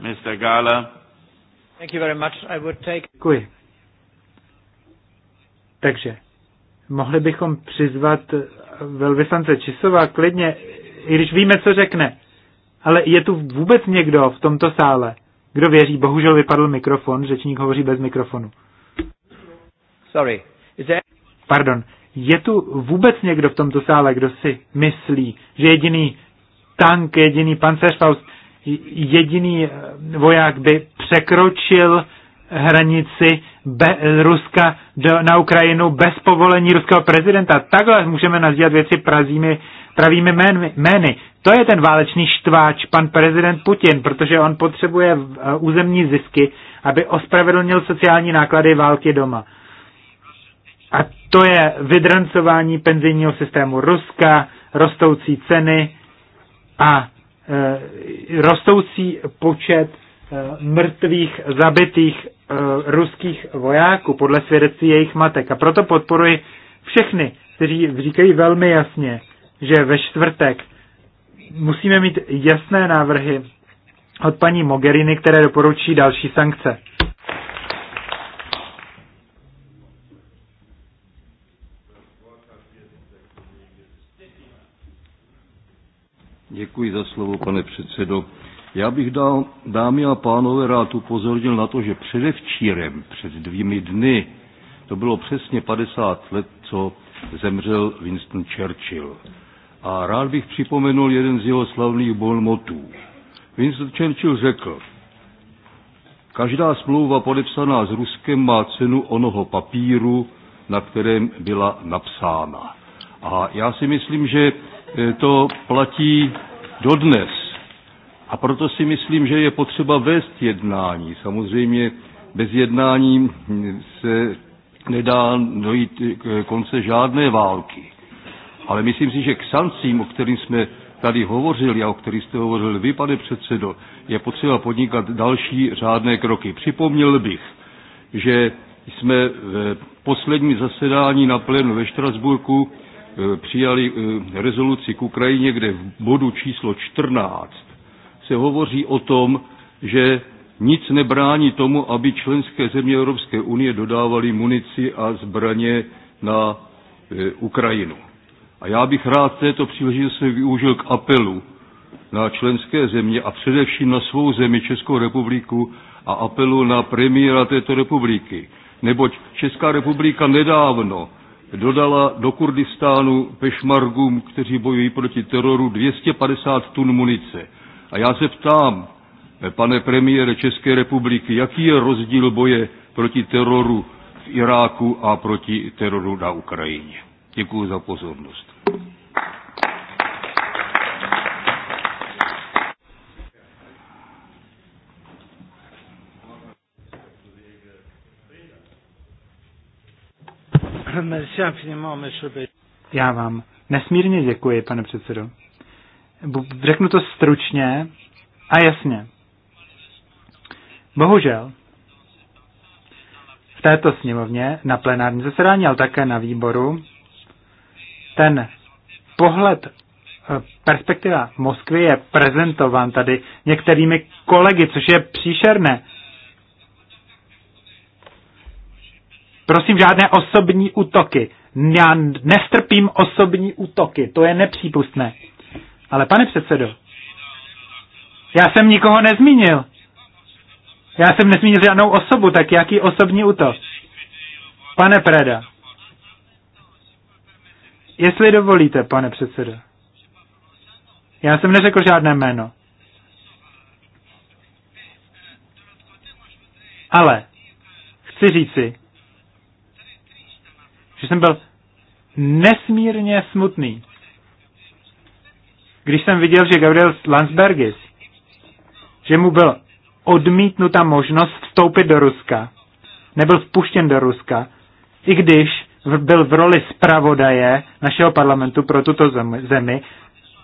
Mr. Gala. Thank you very much. I would take... Děkuji. Takže, mohli bychom přizvat velvyslance Čisová klidně, i když víme, co řekne. Ale je tu vůbec někdo v tomto sále, kdo věří, bohužel vypadl mikrofon, řečník hovoří bez mikrofonu. Sorry. Is there... Pardon. Je tu vůbec někdo v tomto sále, kdo si myslí, že jediný tank, jediný pancerfaust jediný voják by překročil hranici be, Ruska do, na Ukrajinu bez povolení ruského prezidenta. Takhle můžeme nazývat věci pravými, pravými jmény. To je ten válečný štváč, pan prezident Putin, protože on potřebuje eh, územní zisky, aby ospravedlnil sociální náklady války doma. A to je vydrancování penzijního systému Ruska, rostoucí ceny a Eh, rostoucí počet eh, mrtvých, zabitých eh, ruských vojáků podle svědectví jejich matek. A proto podporuji všechny, kteří říkají velmi jasně, že ve čtvrtek musíme mít jasné návrhy od paní Mogherini, které doporučí další sankce. Děkuji za slovo, pane předsedo. Já bych dal, dámy a pánové, rád upozornil na to, že předevčírem, před dvěmi dny, to bylo přesně 50 let, co zemřel Winston Churchill. A rád bych připomenul jeden z jeho slavných bolmotů. Winston Churchill řekl, každá smlouva podepsaná s Ruskem má cenu onoho papíru, na kterém byla napsána. A já si myslím, že Eh, to platí dodnes. A proto si myslím, že je potřeba vést jednání. Samozřejmě bez jednání se nedá dojít k konce žádné války. Ale myslím si, že k sankcím, o kterým jsme tady hovořili a o kterých jste hovořil vy, pane předsedo, je potřeba podnikat další řádné kroky. Připomněl bych, že jsme v posledním zasedání na plénu ve Štrasburku Eh, přijali eh, rezoluci k Ukrajině, kde v bodu číslo 14 se hovoří o tom, že nic nebrání tomu, aby členské země Evropské unie dodávaly munici a zbraně na eh, Ukrajinu. A já bych rád této příležitosti využil k apelu na členské země a především na svou zemi Českou republiku a apelu na premiéra této republiky. Neboť Česká republika nedávno dodala do Kurdistánu pešmargům, kteří bojují proti teroru, 250 tun munice. A já se ptám, pane premiére České republiky, jaký je rozdíl boje proti teroru v Iráku a proti teroru na Ukrajině. Děkuji za pozornost. Já vám nesmírně děkuji, pane předsedo. Řeknu to stručně a jasně. Bohužel, v této sněmovně, na plenární zasedání, ale také na výboru, ten pohled, eh, perspektiva Moskvy je prezentován tady některými kolegy, což je příšerné. Prosím, žádné osobní útoky. Já nestrpím osobní útoky, to je nepřípustné. Ale pane předsedo, já jsem nikoho nezmínil. Já jsem nezmínil žádnou osobu, tak jaký osobní útok? Pane Preda, jestli dovolíte, pane předsedo, já jsem neřekl žádné jméno. Ale chci říci, že jsem byl nesmírně smutný, když jsem viděl, že Gabriel Landsbergis, že mu byl odmítnuta možnost vstoupit do Ruska, nebyl vpuštěn do Ruska, i když byl v roli zpravodaje našeho parlamentu pro tuto zemi,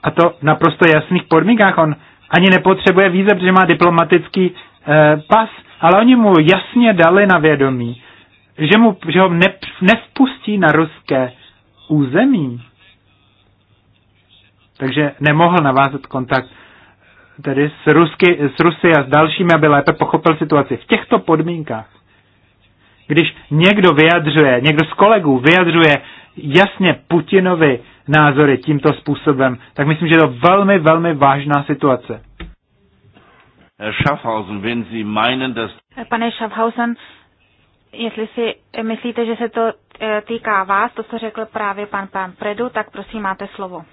a to v naprosto jasných podmínkách. On ani nepotřebuje víze, protože má diplomatický eh, pas, ale oni mu jasně dali na vědomí, že, mu, že ho ne, nevpustí na ruské území. Takže nemohl navázat kontakt tedy s, Rusky, s Rusy a s dalšími, aby lépe pochopil situaci. V těchto podmínkách, když někdo vyjadřuje, někdo z kolegů vyjadřuje jasně Putinovi názory tímto způsobem, tak myslím, že je to velmi, velmi vážná situace. Herr Schaffhausen, wenn Sie meinen, dass... Pane Schaffhausen, Jestli si myslíte, že se to e, týká vás, to, co řekl právě pan pán Predu, tak prosím, máte slovo.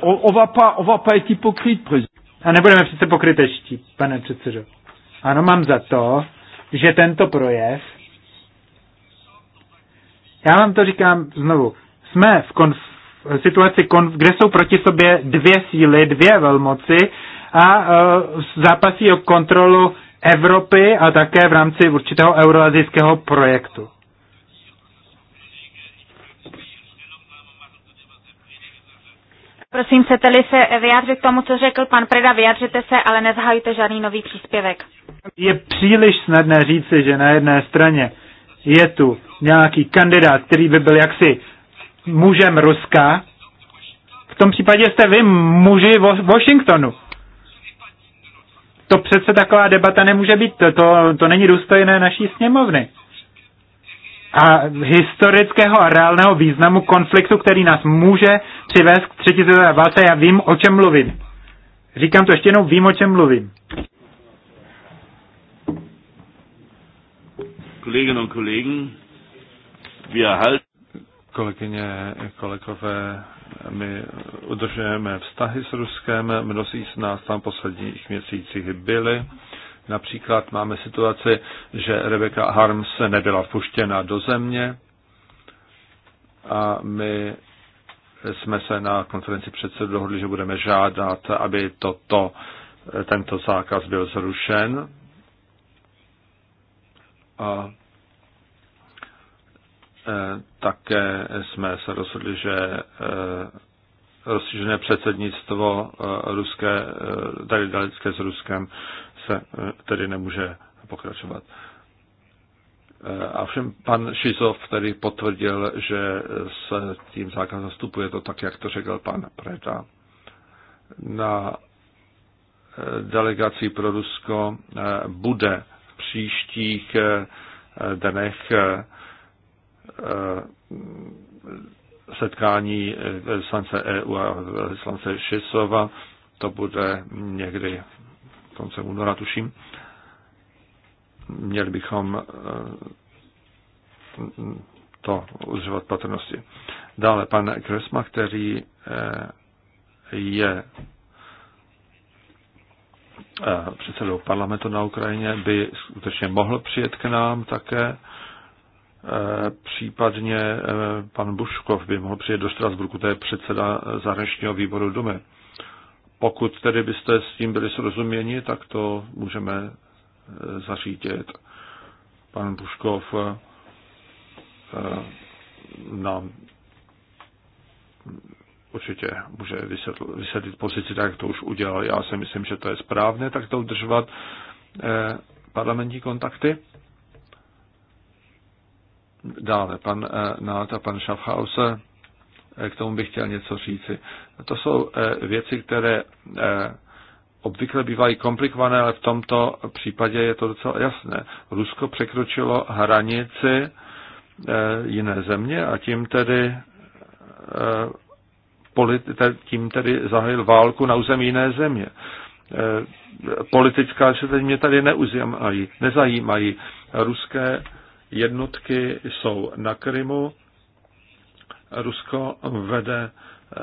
On ovapa, ovapa je hypokrit, A nebudeme přece pokryteští, pane předsedo. Ano, mám za to, že tento projev, já vám to říkám znovu, jsme v konf- situaci, kde jsou proti sobě dvě síly, dvě velmoci a e, zápasí o kontrolu Evropy a také v rámci určitého euroazijského projektu. Prosím, chcete-li se vyjádřit k tomu, co řekl pan Preda, vyjádřete se, ale nezahajte žádný nový příspěvek. Je příliš snadné říci, že na jedné straně je tu nějaký kandidát, který by byl jaksi mužem Ruska, v tom případě jste vy muži Washingtonu. To přece taková debata nemůže být, to, to není důstojné naší sněmovny. A historického a reálného významu konfliktu, který nás může přivést k třetí světové válce, já vím, o čem mluvím. Říkám to ještě jednou, vím, o čem mluvím. Kolegyně a Kollegen, wir Kolegyně, kolegové, my udržujeme vztahy s Ruskem, mnozí z nás tam posledních měsících byli. Například máme situaci, že Rebecca Harms nebyla vpuštěna do země a my jsme se na konferenci předsedu dohodli, že budeme žádat, aby toto, tento zákaz byl zrušen. A Eh, také jsme se rozhodli, že eh, rozšířené předsednictvo eh, ruské, tady dalické s Ruskem se tedy nemůže pokračovat. A všem pan Šizov tedy potvrdil, že se tím zákaz zastupuje to tak, jak to řekl pan Preda. Na delegaci pro Rusko bude v příštích dnech Eh, setkání eh, slance EU a slance Šisova. To bude někdy konce února, tuším. Měli bychom eh, to užívat patrnosti. Dále pan Kresma, který je předsedou parlamentu na Ukrajině, by skutečně mohl přijet k nám také Eh, případně eh, pan Buškov by mohl přijet do Strasburku, to je předseda zahraničního výboru Dumy. Pokud tedy byste s tím byli srozuměni, tak to můžeme eh, zařídit. Pan Buškov nám určitě může vysvětlit, vysvětlit pozici, tak jak to už udělal. Já si myslím, že to je správné, tak to udržovat parlamentní kontakty. Dále pan eh, Nát a pan Schaffhauser, eh, k tomu bych chtěl něco říci. To jsou eh, věci, které obvykle bývají komplikované, ale v tomto případě je to docela jasné. Rusko překročilo hranici jiné země a tím tedy tím tedy zahájil válku na území jiné země. Politická země mě tady nezajímají. Ruské jednotky jsou na Krymu. Rusko vede eh,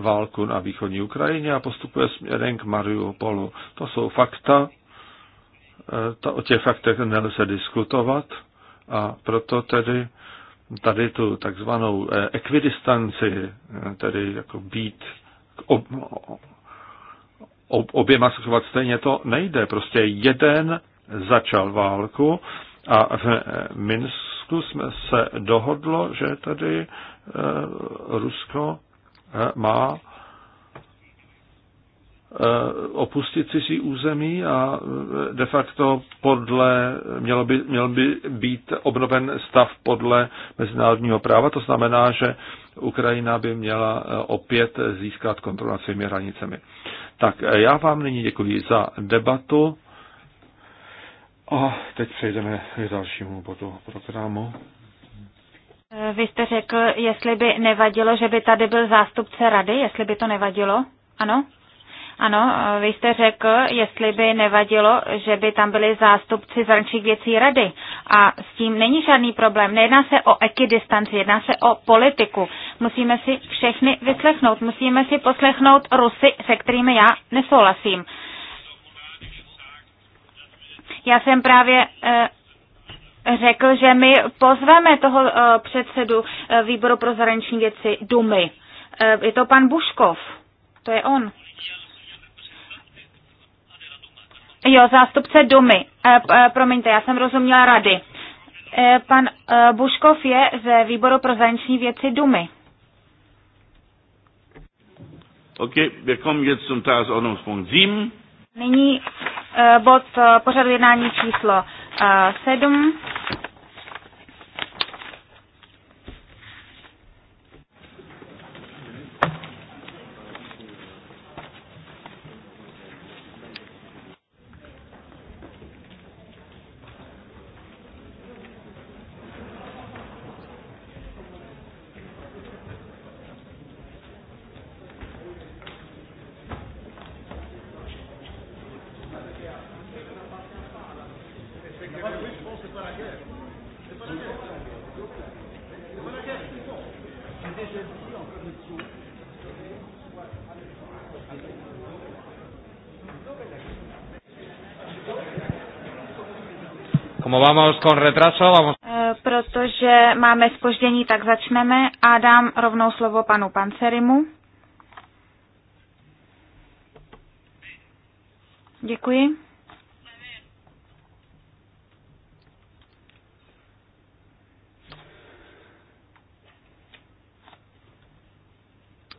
válku na východní Ukrajině a postupuje směrem k Mariupolu. To jsou fakta, eh, to, o těch faktech nelze diskutovat a proto tedy tady tu takzvanou eh, ekvidistanci, tedy jako být ob, ob, oběma schovat stejně, to nejde. Prostě jeden začal válku a v Minsku jsme se dohodlo, že tady eh, Rusko eh, má eh, opustit cizí území a de facto podle, mělo by, měl by být obnoven stav podle mezinárodního práva. To znamená, že Ukrajina by měla opět získat kontrolu nad svými hranicemi. Tak já vám nyní děkuji za debatu. A teď přejdeme k dalšímu bodu programu. Vy jste řekl, jestli by nevadilo, že by tady byl zástupce rady, jestli by to nevadilo? Ano? Ano, vy jste řekl, jestli by nevadilo, že by tam byli zástupci zahraničních věcí rady. A s tím není žádný problém. Nejedná se o ekidistanci, jedná se o politiku. Musíme si všechny vyslechnout. Musíme si poslechnout Rusy, se kterými já nesouhlasím. Já jsem právě eh, řekl, že my pozveme toho eh, předsedu eh, výboru pro zahraniční věci Dumy. Je to pan Buškov, to je on. Jo, zástupce Dumy. Promiňte, já jsem rozuměla rady. Pan Buškov je ze výboru pro zahraniční věci Dumy. Okay, wir kommen jetzt zum Tagesordnungspunkt 7. Nyní Eh, bod eh, pořadu jednání číslo 7. Eh, vamos con retraso, vamos. Eh, protože máme spoždění, tak začneme a dám rovnou slovo panu Pancerimu. Děkuji.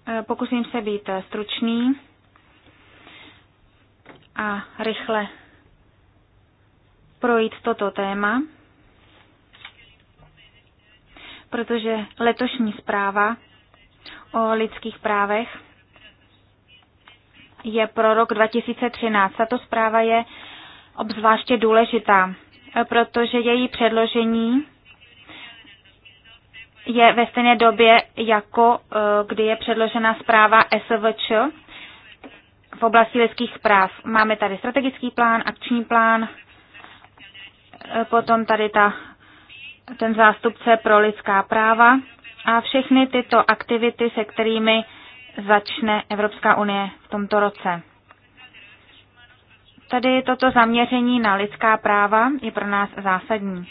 Eh, pokusím se být eh, stručný a rychle projít toto téma, protože letošní zpráva o lidských právech je pro rok 2013. Tato zpráva je obzvláště důležitá, protože její předložení je ve stejné době, jako eh, kdy je předložena zpráva SVČ v oblasti lidských práv. Máme tady strategický plán, akční plán, potom tady ta, ten zástupce pro lidská práva a všechny tyto aktivity, se kterými začne Evropská unie v tomto roce. Tady toto zaměření na lidská práva je pro nás zásadní.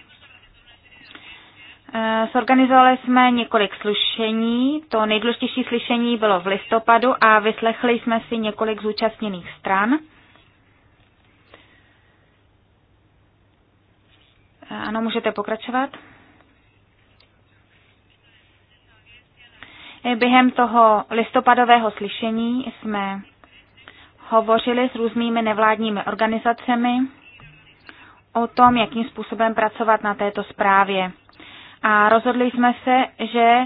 Sorganizovali eh, jsme několik slyšení. To nejdůležitější slyšení bylo v listopadu a vyslechli jsme si několik zúčastněných stran. Ano, můžete pokračovat. Během toho listopadového slyšení jsme hovořili s různými nevládními organizacemi o tom, jakým způsobem pracovat na této zprávě. A rozhodli jsme se, že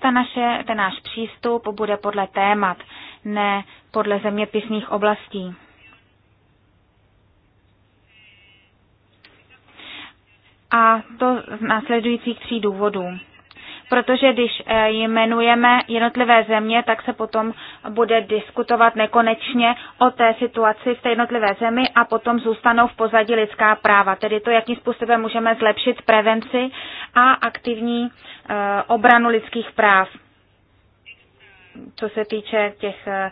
ta naše, ten náš přístup bude podle témat, ne podle zeměpisných oblastí. a to z následujících tří důvodů. Protože když eh, jmenujeme jednotlivé země, tak se potom bude diskutovat nekonečně o té situaci v té jednotlivé zemi a potom zůstanou v pozadí lidská práva. Tedy to, jakým způsobem můžeme zlepšit prevenci a aktivní eh, obranu lidských práv co se týče těch eh,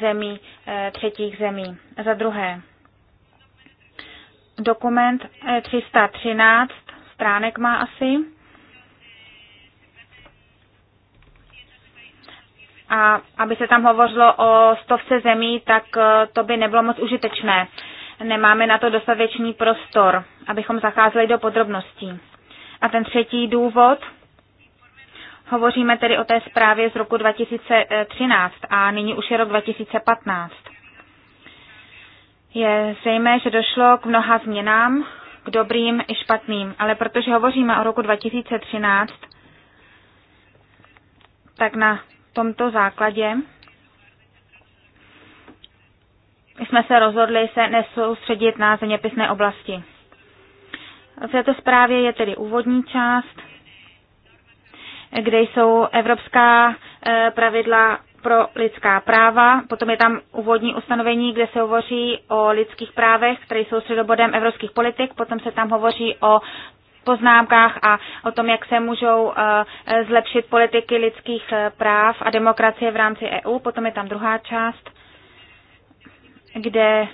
zemí, třetích zemí. Za druhé, dokument 313 eh, stránek má asi. A aby se tam hovořilo o stovce zemí, tak eh, to by nebylo moc užitečné. Nemáme na to dostatečný prostor, abychom zacházeli do podrobností. A ten třetí důvod, hovoříme tedy o té zprávě z roku 2013 a nyní už je rok 2015. Je zřejmé, že došlo k mnoha změnám, k dobrým i špatným, ale protože hovoříme o roku 2013, tak na tomto základě jsme se rozhodli se nesoustředit na zeměpisné oblasti. V této zprávě je tedy úvodní část, kde jsou evropská eh, pravidla pro lidská práva. Potom je tam úvodní ustanovení, kde se hovoří o lidských právech, které jsou středobodem evropských politik. Potom se tam hovoří o poznámkách a o tom, jak se můžou eh, zlepšit politiky lidských eh, práv a demokracie v rámci EU. Potom je tam druhá část, kde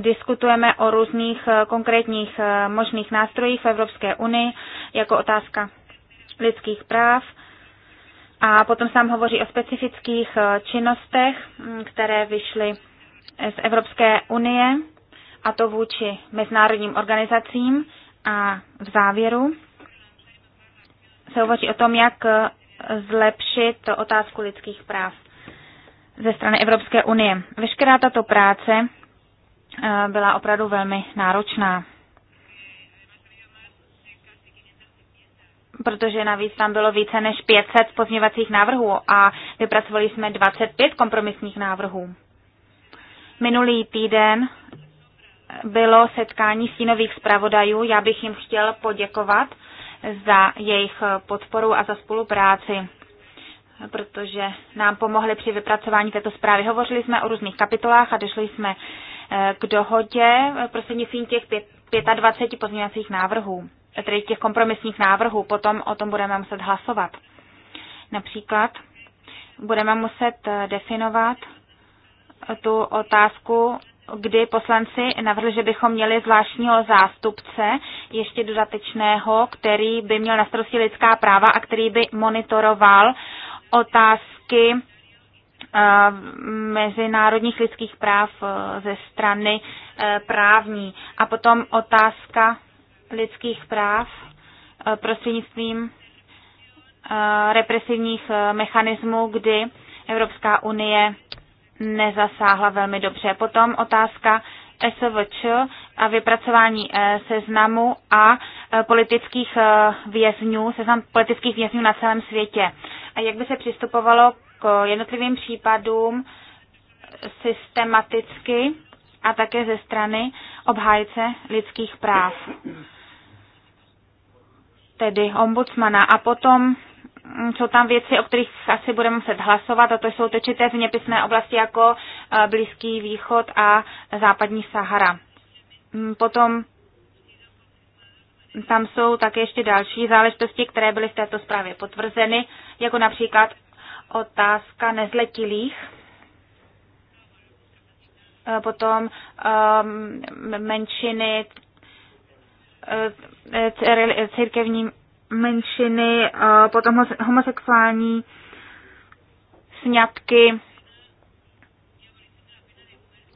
diskutujeme o různých eh, konkrétních možných nástrojích v Evropské unii, jako otázka lidských práv a potom sám hovoří o specifických eh, činnostech, mm, které vyšly z Evropské unie, a to vůči mezinárodním organizacím. A v závěru se hovoří o tom, jak eh, zlepšit otázku lidských práv ze strany Evropské unie. Veškerá tato práce eh, byla opravdu velmi náročná. protože navíc tam bylo více než 500 pozměvacích návrhů a vypracovali jsme 25 kompromisních návrhů. Minulý týden bylo setkání stínových zpravodajů. Já bych jim chtěl poděkovat za jejich podporu a za spolupráci, protože nám pomohli při vypracování této zprávy. Hovořili jsme o různých kapitolách a došli jsme eh, k dohodě eh, prostřednictvím těch 25 pozměňovacích návrhů tedy těch kompromisních návrhů, potom o tom budeme muset hlasovat. Například budeme muset eh, definovat eh, tu otázku, kdy poslanci navrhli, že bychom měli zvláštního zástupce, ještě dodatečného, který by měl na starosti lidská práva a který by monitoroval otázky eh, mezinárodních lidských práv ze strany právní. A potom otázka lidských práv eh, prostřednictvím eh, represivních eh, mechanismů, kdy Evropská unie nezasáhla velmi dobře. Potom otázka SVČ a vypracování seznamu a politických vězňů, seznam politických vězňů na celém světě. A jak by se přistupovalo k jednotlivým případům systematicky a také ze strany obhájce lidských práv tedy ombudsmana. A potom mm, jsou tam věci, o kterých asi budeme muset hlasovat, a to jsou tečité zeměpisné oblasti jako eh, Blízký východ a západní Sahara. Mm, potom tam jsou také ještě další záležitosti, které byly v této zprávě potvrzeny, jako například otázka nezletilých, eh, potom ehm, menšiny, Eh, církevní menšiny, eh, potom homosexuální sňatky,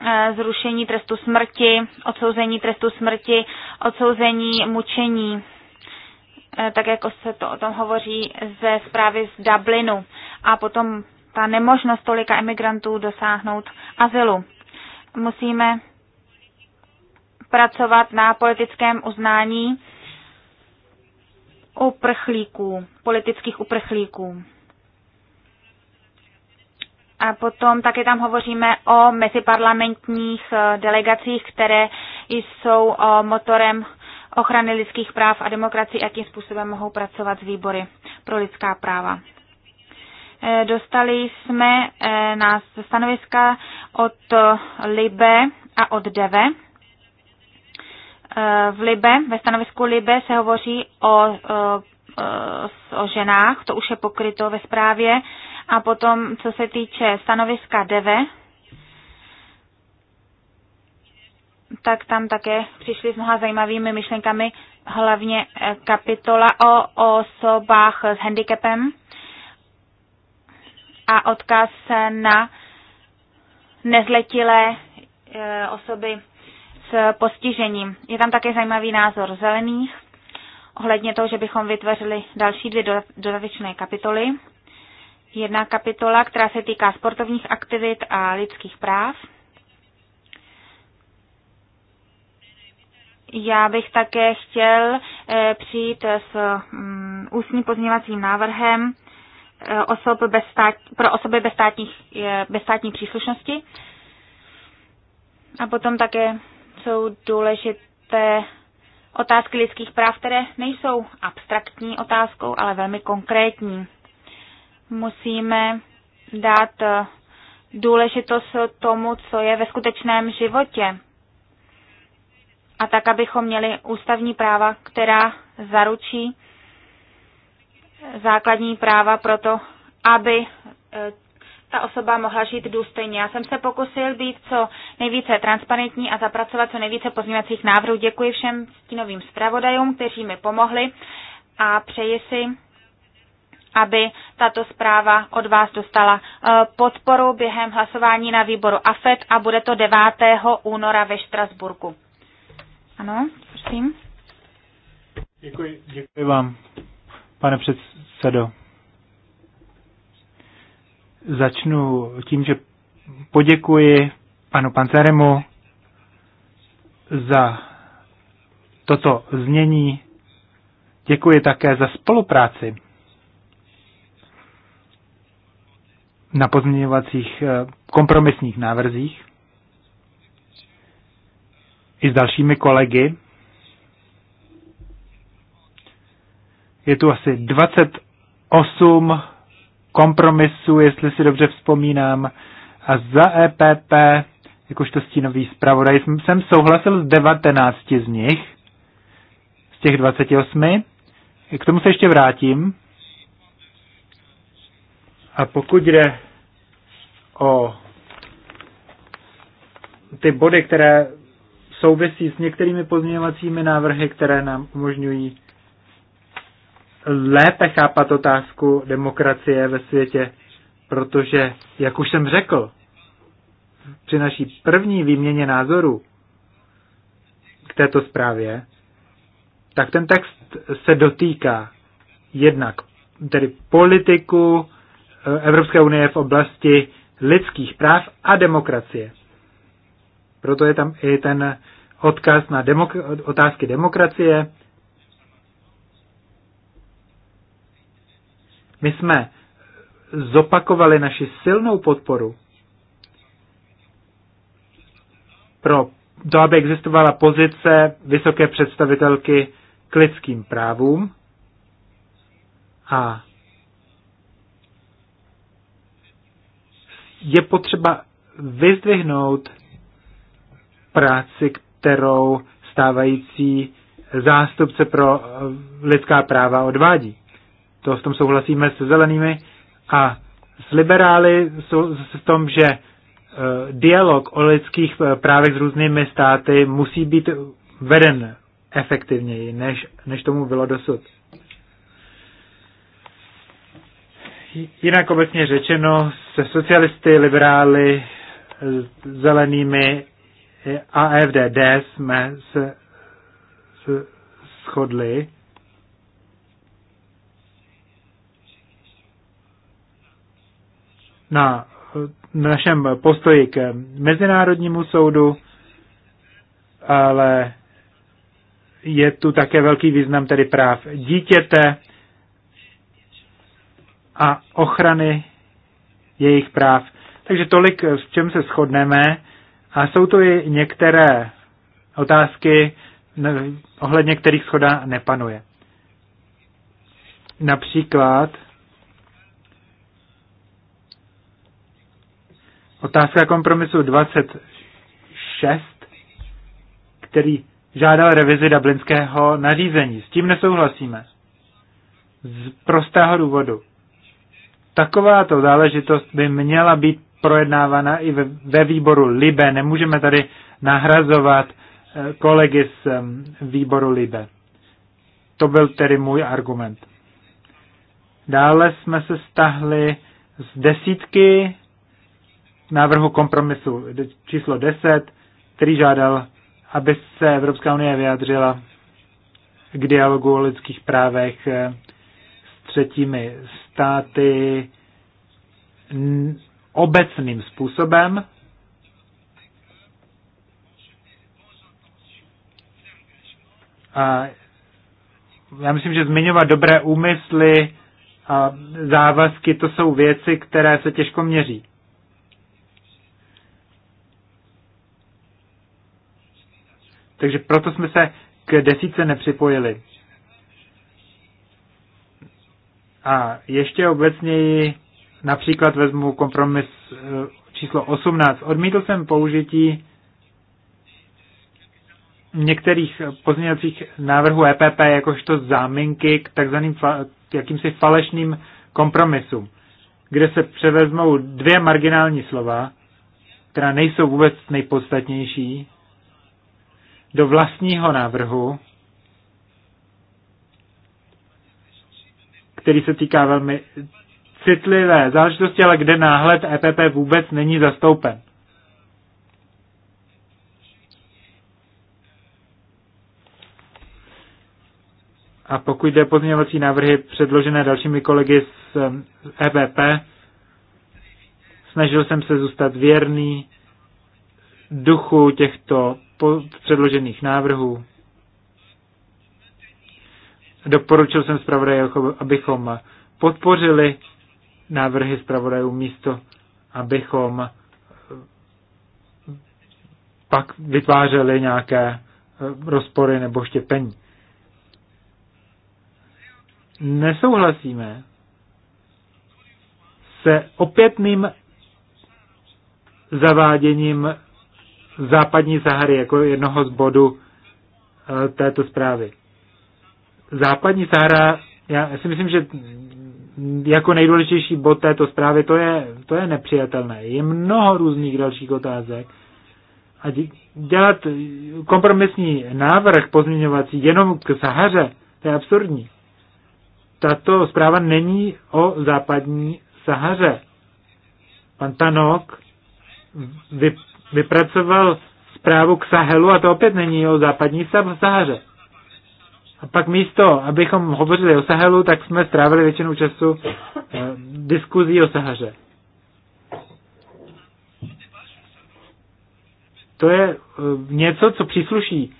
eh, zrušení trestu smrti, odsouzení trestu smrti, odsouzení mučení, tak jako se to o tom hovoří ze zprávy z Dublinu. A potom ta nemožnost tolika emigrantů dosáhnout azylu. Musíme pracovat na politickém uznání uprchlíků, politických uprchlíků. A potom také tam hovoříme o meziparlamentních eh, delegacích, které jsou eh, motorem ochrany lidských práv a demokracie. jakým způsobem mohou pracovat s výbory pro lidská práva. Eh, dostali jsme na stanoviska od Libe a od Deve v Libe, ve stanovisku Libe se hovoří o, o, o ženách, to už je pokryto ve zprávě. A potom, co se týče stanoviska DEVE, tak tam také přišli s mnoha zajímavými myšlenkami, hlavně kapitola o osobách s handicapem a odkaz na nezletilé e, osoby s postižením. Je tam také zajímavý názor zelených ohledně toho, že bychom vytvořili další dvě dodatečné kapitoly. Jedna kapitola, která se týká sportovních aktivit a lidských práv. Já bych také chtěl eh, přijít s mm, ústním pozměvacím návrhem eh, osob bez stát, pro osoby bez, státních, eh, bez státní příslušnosti. A potom také jsou důležité otázky lidských práv, které nejsou abstraktní otázkou, ale velmi konkrétní. Musíme dát eh, důležitost tomu, co je ve skutečném životě. A tak, abychom měli ústavní práva, která zaručí základní práva pro to, aby eh, ta osoba mohla žít důstojně. Já jsem se pokusil být co nejvíce transparentní a zapracovat co nejvíce pozměňovacích návrhů. Děkuji všem stínovým zpravodajům, kteří mi pomohli a přeji si, aby tato zpráva od vás dostala eh, podporu během hlasování na výboru AFET a bude to 9. února ve Štrasburku. Ano, prosím. Děkuji, děkuji vám, pane předsedo. Začnu tím, že poděkuji panu Panceremu za toto znění. Děkuji také za spolupráci na pozměňovacích eh, kompromisních návrzích i s dalšími kolegy. Je tu asi 28 kompromisu, jestli si dobře vzpomínám. A za EPP, jakožto stínový zpravodaj, jsem souhlasil s 19 z nich, z těch 28. K tomu se ještě vrátím. A pokud jde o ty body, které souvisí s některými pozměňovacími návrhy, které nám umožňují lépe chápat otázku demokracie ve světě, protože, jak už jsem řekl, při naší první výměně názoru k této zprávě, tak ten text se dotýká jednak tedy politiku eh, Evropské unie v oblasti lidských práv a demokracie. Proto je tam i ten odkaz na demok- otázky demokracie My jsme zopakovali naši silnou podporu pro to, aby existovala pozice vysoké představitelky k lidským právům a je potřeba vyzdvihnout práci, kterou stávající zástupce pro lidská práva odvádí to v tom souhlasíme se zelenými a s liberály jsou v tom, že eh, dialog o lidských eh, právech s různými státy musí být veden efektivněji, než, než tomu bylo dosud. Jinak obecně řečeno, se socialisty, liberály, eh, zelenými a FDD jsme se shodli na našem postoji k Mezinárodnímu soudu, ale je tu také velký význam tedy práv dítěte a ochrany jejich práv. Takže tolik, s čem se shodneme. A jsou tu i některé otázky, ohledně kterých schoda nepanuje. Například Otázka kompromisu 26, který žádal revizi dublinského nařízení. S tím nesouhlasíme. Z prostého důvodu. Takováto záležitost by měla být projednávána i ve, ve výboru LIBE. Nemůžeme tady nahrazovat eh, kolegy z výboru LIBE. To byl tedy můj argument. Dále jsme se stahli z desítky návrhu kompromisu číslo 10, který žádal, aby se Evropská unie vyjádřila k dialogu o lidských právech eh, s třetími státy obecným způsobem. A já myslím, že zmiňovat dobré úmysly a závazky, to jsou věci, které se těžko měří. Takže proto jsme se k desíce nepřipojili. A ještě obecněji například vezmu kompromis eh, číslo 18. Odmítl jsem použití některých pozměňovacích návrhů EPP jakožto záminky k takzvaným k jakýmsi falešným kompromisům, kde se převezmou dvě marginální slova, která nejsou vůbec nejpodstatnější, do vlastního návrhu, který se týká velmi citlivé záležitosti, ale kde náhled EPP vůbec není zastoupen. A pokud jde pozměňovací návrhy předložené dalšími kolegy z um, EPP, snažil jsem se zůstat věrný duchu těchto předložených návrhů. Doporučil jsem zpravodaji, jako- abychom podpořili návrhy zpravodajů místo, abychom eh, pak vytvářeli nějaké eh, rozpory nebo štěpení. Nesouhlasíme se opětným zaváděním západní Sahary jako jednoho z bodů eh, této zprávy. Západní Sahara, já si myslím, že jako nejdůležitější bod této zprávy, to je, to je nepřijatelné. Je mnoho různých dalších otázek a dělat kompromisní návrh pozměňovací jenom k Sahaře, to je absurdní. Tato zpráva není o západní Sahaře. Pan Tanok vypracoval zprávu k Sahelu a to opět není o západní Sahaře. A pak místo, abychom hovořili o Sahelu, tak jsme strávili většinu času eh, diskuzí o Sahaře. To je eh, něco, co přísluší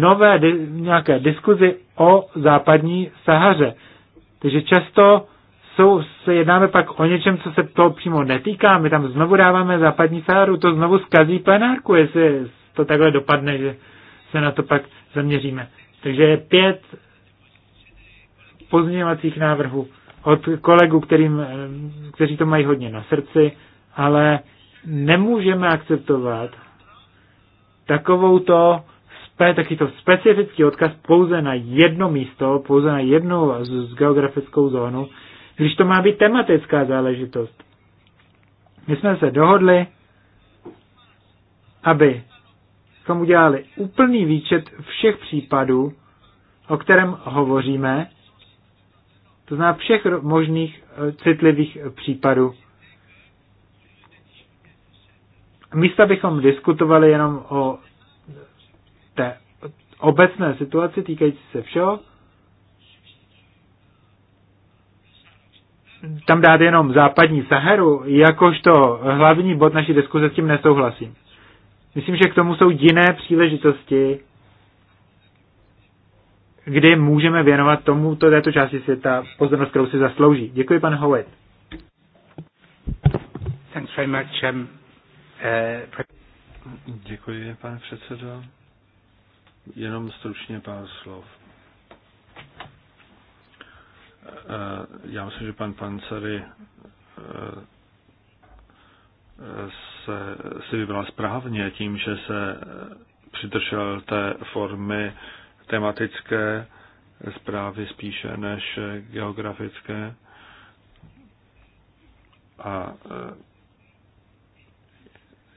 nové di- nějaké diskuzi o západní Sahaře. Takže často jsou, se jednáme pak o něčem, co se toho přímo netýká. My tam znovu dáváme západní sáru, to znovu zkazí plenárku, jestli to takhle dopadne, že se na to pak zaměříme. Takže je pět pozměňovacích návrhů od kolegů, kterým, eh, kteří to mají hodně na srdci, ale nemůžeme akceptovat takovou to spe, taky to specifický odkaz pouze na jedno místo, pouze na jednu z, z geografickou zónu, když to má být tematická záležitost. My jsme se dohodli, aby jsme udělali úplný výčet všech případů, o kterém hovoříme, to znamená všech možných eh, citlivých případů. Místa bychom diskutovali jenom o té obecné situaci týkající se všeho, tam dát jenom západní Saharu, jakožto hlavní bod naší diskuze s tím nesouhlasím. Myslím, že k tomu jsou jiné příležitosti, kdy můžeme věnovat tomuto této části světa pozornost, kterou si zaslouží. Děkuji, pan Howard. Thanks very much, um, uh, Děkuji, pane předsedo. Jenom stručně pár slov. Eh, já myslím, že pan Pancery eh, eh, se, si vybral správně tím, že se přidržel té formy tematické zprávy spíše než geografické. A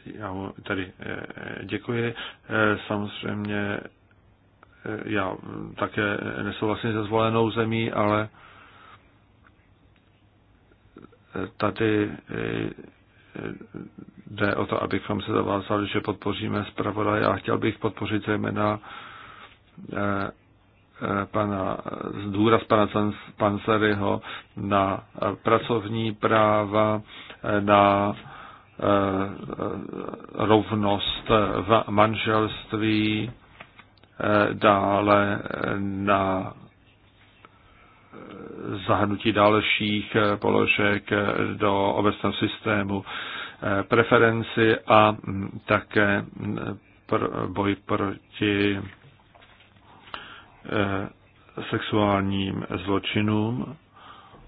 já mu tady děkuji. Samozřejmě já také nesouhlasím se zvolenou zemí, ale tady eh, jde o to, abychom se zavázali, že podpoříme zpravodaj. Já chtěl bych podpořit zejména eh, eh, pana, důraz pana Panzeryho na pracovní práva, na rovnost v manželství, dále na zahrnutí dalších eh, položek eh, do obecného systému eh, preferenci a mm, také mm, boj proti sexuálním zločinům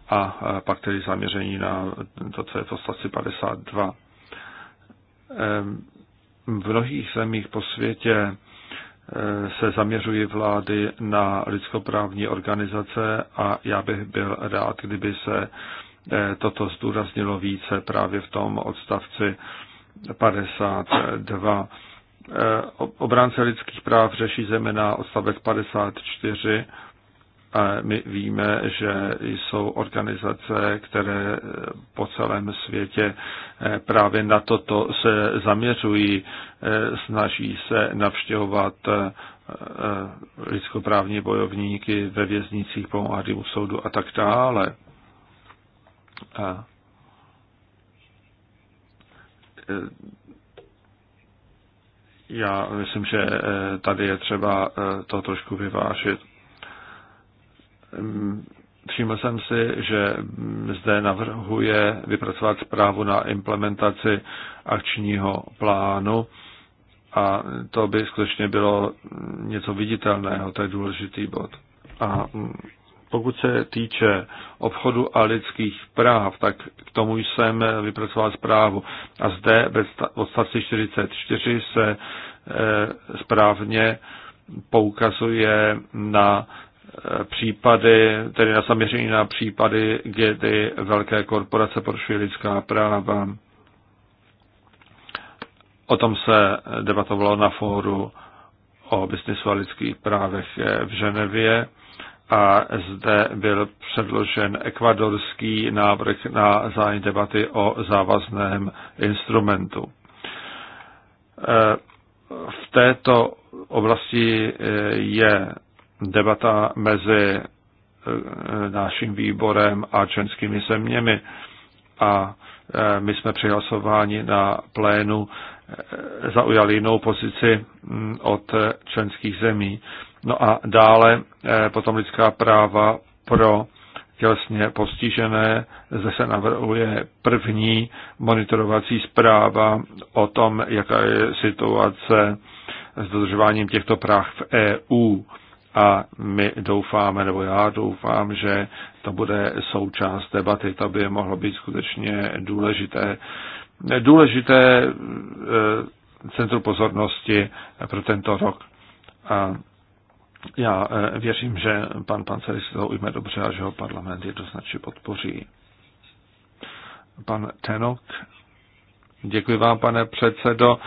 a pak tedy zaměření na to, co je to 152. Ehm, v mnohých zemích po světě se zaměřují vlády na lidskoprávní organizace a já bych byl rád, kdyby se eh, toto zdůraznilo více právě v tom odstavci 52. Eh, obránce lidských práv řeší zejména odstavec 54 a my víme, že jsou organizace, které po celém světě eh, právě na toto se zaměřují, eh, snaží se navštěvovat eh, lidskoprávní bojovníky ve věznicích pomáhadým soudu a tak dále. A já myslím, že tady je třeba to trošku vyvážit. Všiml jsem si, že zde navrhuje vypracovat zprávu na implementaci akčního plánu a to by skutečně bylo něco viditelného, to je důležitý bod. A pokud se týče obchodu a lidských práv, tak k tomu jsem vypracoval zprávu. A zde ve odstavci 44 se eh, správně poukazuje na případy, tedy na zaměření na případy, kdy velké korporace porušují lidská práva. O tom se debatovalo na fóru o biznisu a lidských právech v Ženevě a zde byl předložen ekvadorský návrh na zájem debaty o závazném instrumentu. E, v této oblasti je debata mezi eh, naším výborem a členskými zeměmi. A eh, my jsme při hlasování na plénu eh, zaujali jinou pozici mm, od členských zemí. No a dále potom lidská práva pro tělesně postižené. Zde se navrhuje první monitorovací zpráva o tom, jaká je situace s dodržováním těchto práv v EU a my doufáme, nebo já doufám, že to bude součást debaty. To by mohlo být skutečně důležité. Důležité eh, centrum pozornosti pro tento rok. A já eh, věřím, že pan Panceri se to ujme dobře a že ho parlament jednoznačně podpoří. Pan Tenok Děkuji vám, pane předsedo.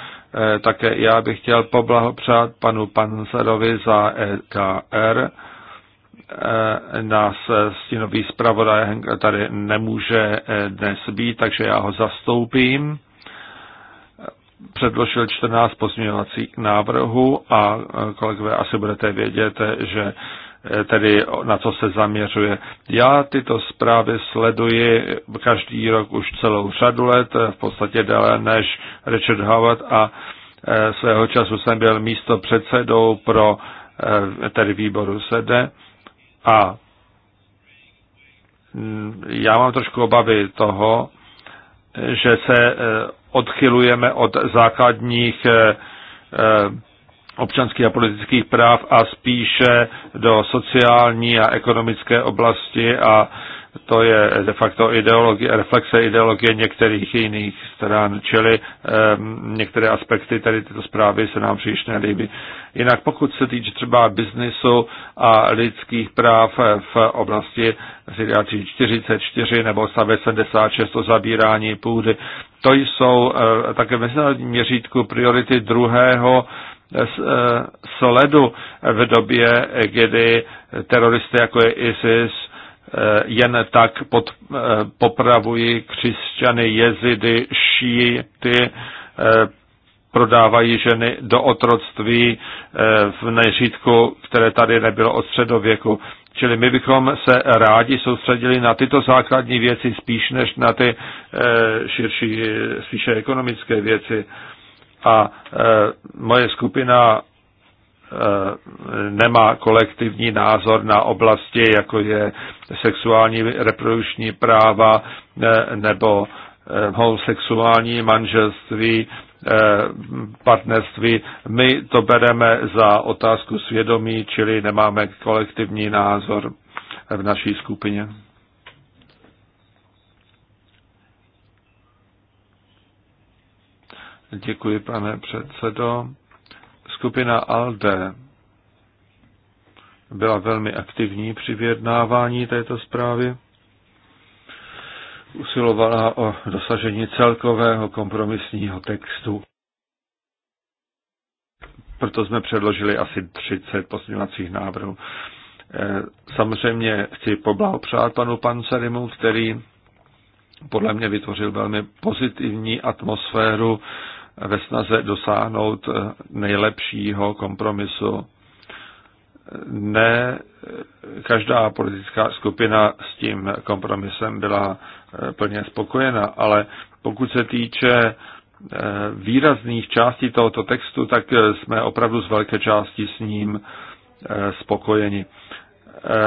Eh, také já bych chtěl poblahopřát panu Panzerovi za EKR. Eh, nás eh, stínový zpravodaj tady nemůže dnes být, takže já ho zastoupím. Předložil 14 pozměňovacích návrhů a kolegové asi budete vědět, že Eh, tedy na co se zaměřuje. Já tyto zprávy sleduji každý rok už celou řadu let, eh, v podstatě déle než Richard Howard a eh, svého času jsem byl místo předsedou pro tedy výboru SEDE a mm, já mám trošku obavy toho, že se odchylujeme od základních občanských a politických práv a spíše do sociální a ekonomické oblasti a to je de facto ideologie, reflexe ideologie některých jiných stran, čili um, některé aspekty tady tyto zprávy se nám příliš nelíbí. Jinak pokud se týče třeba biznisu a lidských práv eh, v oblasti 44 nebo 76 o zabírání půdy, to jsou uh, také v měřítku priority druhého uh, Eh, Soledu v době, kdy teroristy jako je ISIS eh, jen tak pod, eh, popravují křesťany, jezidy, šíty, prodávají ženy do otroctví v neřídku, které tady nebylo od středověku. Čili my bychom se rádi soustředili na tyto základní věci spíš než na ty širší, spíše ekonomické věci. A e, moje skupina e, nemá kolektivní názor na oblasti, jako je sexuální reprodukční práva e, nebo homosexuální manželství, partnerství. My to bereme za otázku svědomí, čili nemáme kolektivní názor v naší skupině. Děkuji, pane předsedo. Skupina ALDE byla velmi aktivní při vyjednávání této zprávy. Usilovala o dosažení celkového kompromisního textu. Proto jsme předložili asi 30 pozměňovacích návrhů. E, samozřejmě chci poblahopřát panu Pancerimu, který podle mě vytvořil velmi pozitivní atmosféru ve snaze dosáhnout eh, nejlepšího kompromisu. Ne eh, každá politická skupina s tím kompromisem byla eh, plně spokojena, ale pokud se týče výrazných částí tohoto textu, tak jsme opravdu z velké části s ním spokojeni.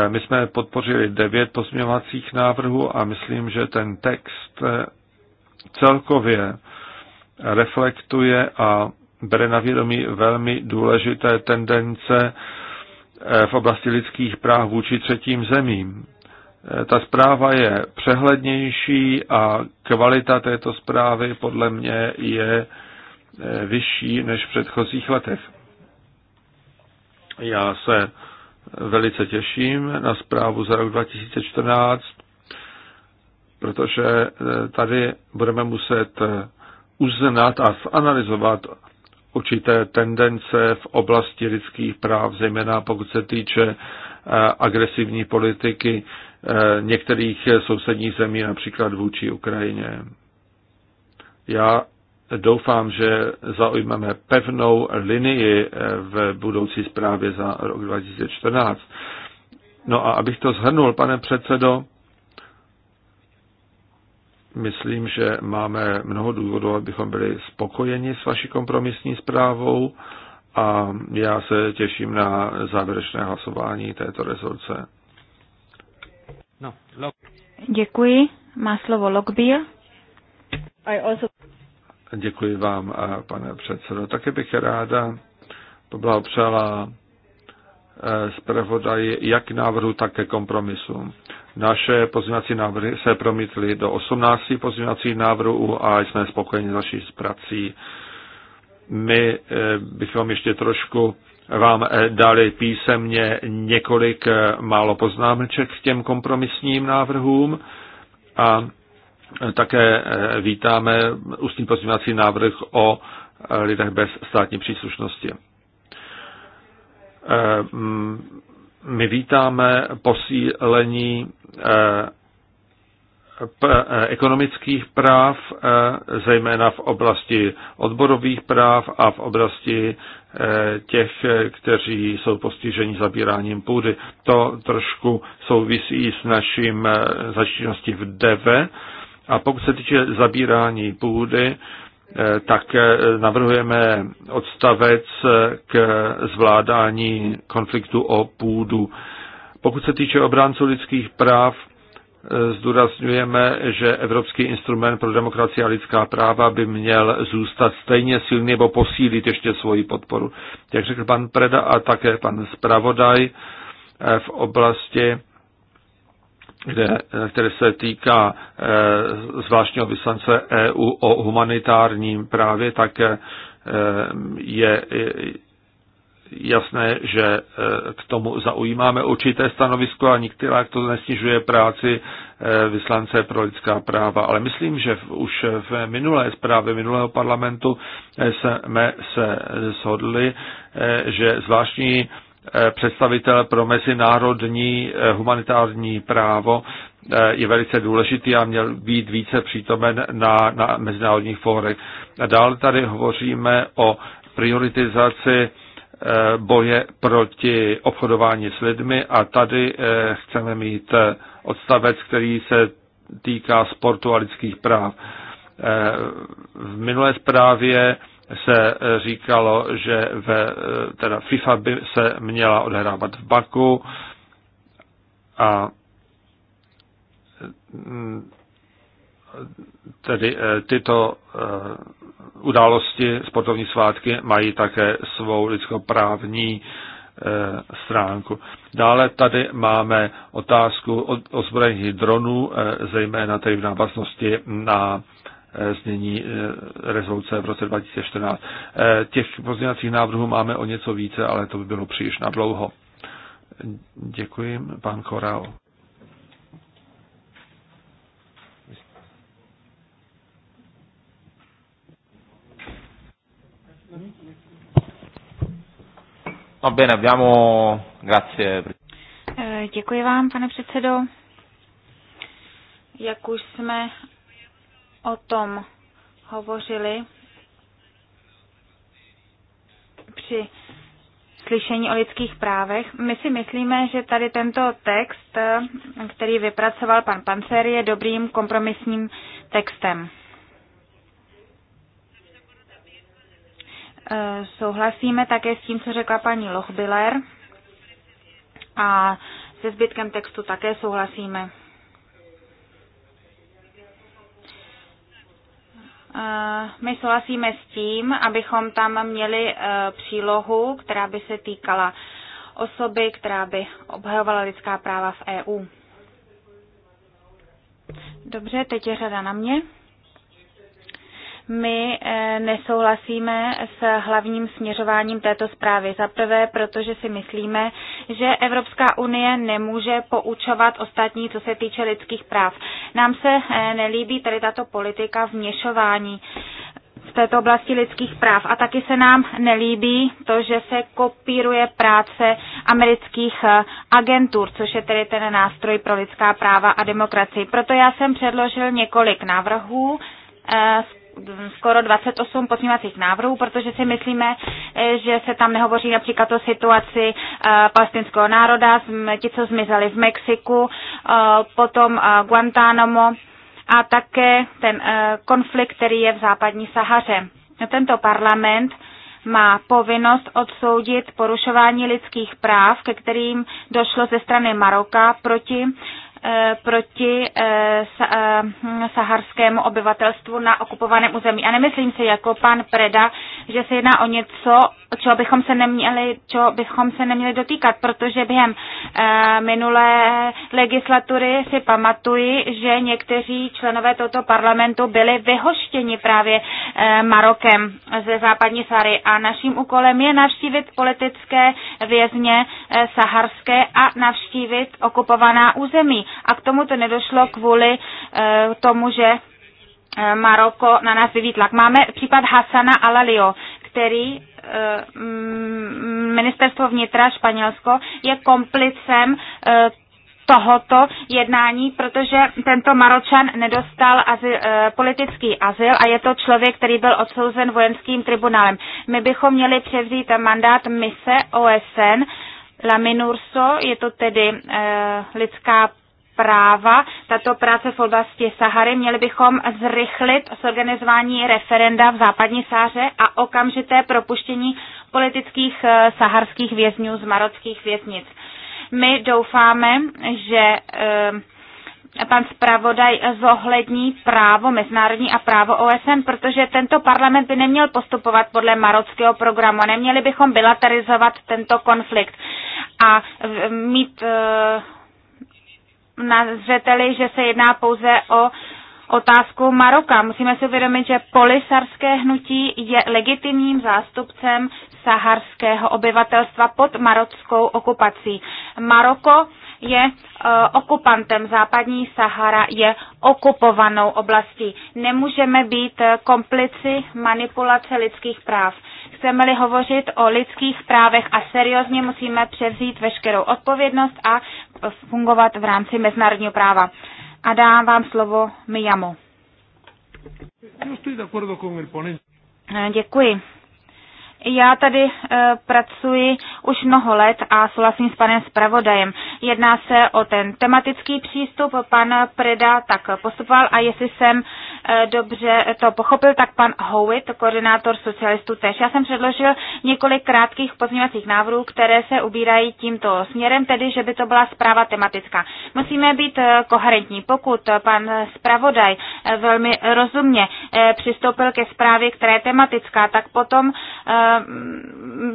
My jsme podpořili devět pozměňovacích návrhů a myslím, že ten text celkově reflektuje a bere na vědomí velmi důležité tendence eh, v oblasti lidských práv vůči třetím zemím. Eh, ta zpráva je přehlednější a kvalita této zprávy podle mě je eh, vyšší než v předchozích letech. Já se velice těším na zprávu za rok 2014, protože tady budeme muset uznat a zanalizovat určité tendence v oblasti lidských práv, zejména pokud se týče eh, agresivní politiky eh, některých sousedních zemí, například vůči Ukrajině. Já doufám, že zaujmeme pevnou linii eh, v budoucí zprávě za rok 2014. No a abych to zhrnul, pane předsedo, Myslím, že máme mnoho důvodů, abychom byli spokojeni s vaší kompromisní zprávou a já se těším na závěrečné hlasování této rezoluce. No, log... Děkuji. Má slovo Logbir. Also... Děkuji vám, pane předsedo. Také bych ráda poblahopřála eh, zpravodaji jak návrhu, tak ke kompromisům. Naše pozměňovací návrhy se promítly do 18 pozměňovacích návrhů a jsme spokojeni s naší prací. My eh, bychom ještě trošku vám eh, dali písemně několik eh, málo poznámeček k těm kompromisním návrhům a také vítáme ústní pozměňovací návrh o lidech bez státní příslušnosti my vítáme posílení eh, eh, ekonomických práv, eh, zejména v oblasti odborových práv a v oblasti těch, kteří jsou postiženi zabíráním půdy. To trošku souvisí s naším začínností v DEVE. A pokud se týče zabírání půdy, Eh, tak eh, navrhujeme odstavec eh, k zvládání konfliktu o půdu. Pokud se týče obránců lidských práv, zdůrazňujeme, že Evropský instrument pro demokracii a lidská práva by měl zůstat stejně silný nebo posílit ještě svoji podporu. Jak řekl pan Preda a také pan Spravodaj, v oblasti kde, eh, které se týká eh, zvláštního vyslance EU o humanitárním právě, tak eh, je jasné, že k tomu zaujímáme určité stanovisko a některá to nesnižuje práci vyslance pro lidská práva. Ale myslím, že už v minulé zprávě minulého parlamentu jsme se shodli, že zvláštní Eh, představitel pro mezinárodní eh, humanitární právo eh, je velice důležitý a měl být více přítomen na, na mezinárodních fórech. Dále tady hovoříme o prioritizaci boje proti obchodování s lidmi a tady chceme mít odstavec, který se týká sportu a lidských práv. V minulé zprávě se eh, říkalo, že ve, eh, teda FIFA by se měla odehrávat v Baku a mm, tedy eh, tyto události, sportovní svátky mají také svou lidskoprávní stránku. Dále tady máme otázku ozbrojených dronů, zejména tedy v návaznosti na Eh, znění eh, rezoluce v roce 2014. Eh, těch pozměňovacích návrhů máme o něco více, ale to by bylo příliš na dlouho. Děkuji, pan Korál. Va no, bene, abbiamo... Grazie. Děkuji vám, pane předsedo. Jak už jsme o tom hovořili při slyšení o lidských právech. My si myslíme, že tady tento text, který vypracoval pan Pancer, je dobrým kompromisním textem. E, souhlasíme také s tím, co řekla paní Lochbiller a se zbytkem textu také souhlasíme. my souhlasíme s tím, abychom tam měli eh, přílohu, která by se týkala osoby, která by obhajovala lidská práva v EU. Dobře, teď je řada na mě. My eh, nesouhlasíme s hlavním směřováním této zprávy. Za prvé, protože si myslíme, že Evropská unie nemůže poučovat ostatní, co se týče lidských práv. Nám se eh, nelíbí tady tato politika vměšování v této oblasti lidských práv. A taky se nám nelíbí to, že se kopíruje práce amerických eh, agentur, což je tedy ten nástroj pro lidská práva a demokracii. Proto já jsem předložil několik návrhů, z skoro 28 pozměňovacích návrhů, protože si myslíme, eh, že se tam nehovoří například o situaci eh, palestinského národa, ti, co zmizeli v Mexiku, eh, potom Guantánamo a také ten konflikt, který je v západní Sahaře. Tento parlament má povinnost odsoudit porušování lidských práv, ke kterým došlo ze strany Maroka proti Eh, proti eh, eh, hm, saharskému obyvatelstvu na okupovaném území. A nemyslím si jako pan Preda, že se jedná o něco čeho bychom se neměli, čeho bychom se neměli dotýkat, protože během e, minulé legislatury si pamatuji, že někteří členové tohoto parlamentu byli vyhoštěni právě e, Marokem ze západní Sahary a naším úkolem je navštívit politické vězně e, saharské a navštívit okupovaná území. A k tomu to nedošlo kvůli e, tomu, že Maroko na nás vyvítlak. Máme případ Hasana Alalio, který eh, mm, ministerstvo vnitra Španělsko je komplicem eh, tohoto jednání, protože tento Maročan nedostal azyl, eh, politický azyl a je to člověk, který byl odsouzen vojenským tribunálem. My bychom měli převzít mandát mise OSN, La Minurso, je to tedy e, lidská práva, tato práce v oblasti Sahary, měli bychom zrychlit zorganizování referenda v západní Sáře a okamžité propuštění politických eh, saharských vězňů z marockých věznic. My doufáme, že eh, pan zpravodaj zohlední právo mezinárodní a právo OSN, protože tento parlament by neměl postupovat podle marockého programu. Neměli bychom bilaterizovat tento konflikt a mít eh, na zřeteli, že se jedná pouze o otázku Maroka. Musíme si uvědomit, že polisarské hnutí je legitimním zástupcem saharského obyvatelstva pod marockou okupací. Maroko je e, okupantem. Západní Sahara je okupovanou oblastí. Nemůžeme být e, komplici manipulace lidských práv. Chceme-li hovořit o lidských právech a seriózně, musíme převzít veškerou odpovědnost a fungovat v rámci mezinárodního práva. A dám vám slovo Miyamo. Ehm, děkuji. Já tady e, pracuji už mnoho let a souhlasím s panem zpravodajem. Jedná se o ten tematický přístup, pan Preda tak postupoval a jestli jsem e, dobře to pochopil, tak pan Howitt, koordinátor socialistů tež. Já jsem předložil několik krátkých pozměňovacích návrhů, které se ubírají tímto směrem, tedy že by to byla zpráva tematická. Musíme být e, koherentní. Pokud pan zpravodaj e, velmi rozumně e, přistoupil ke zprávě, která je tematická, tak potom e,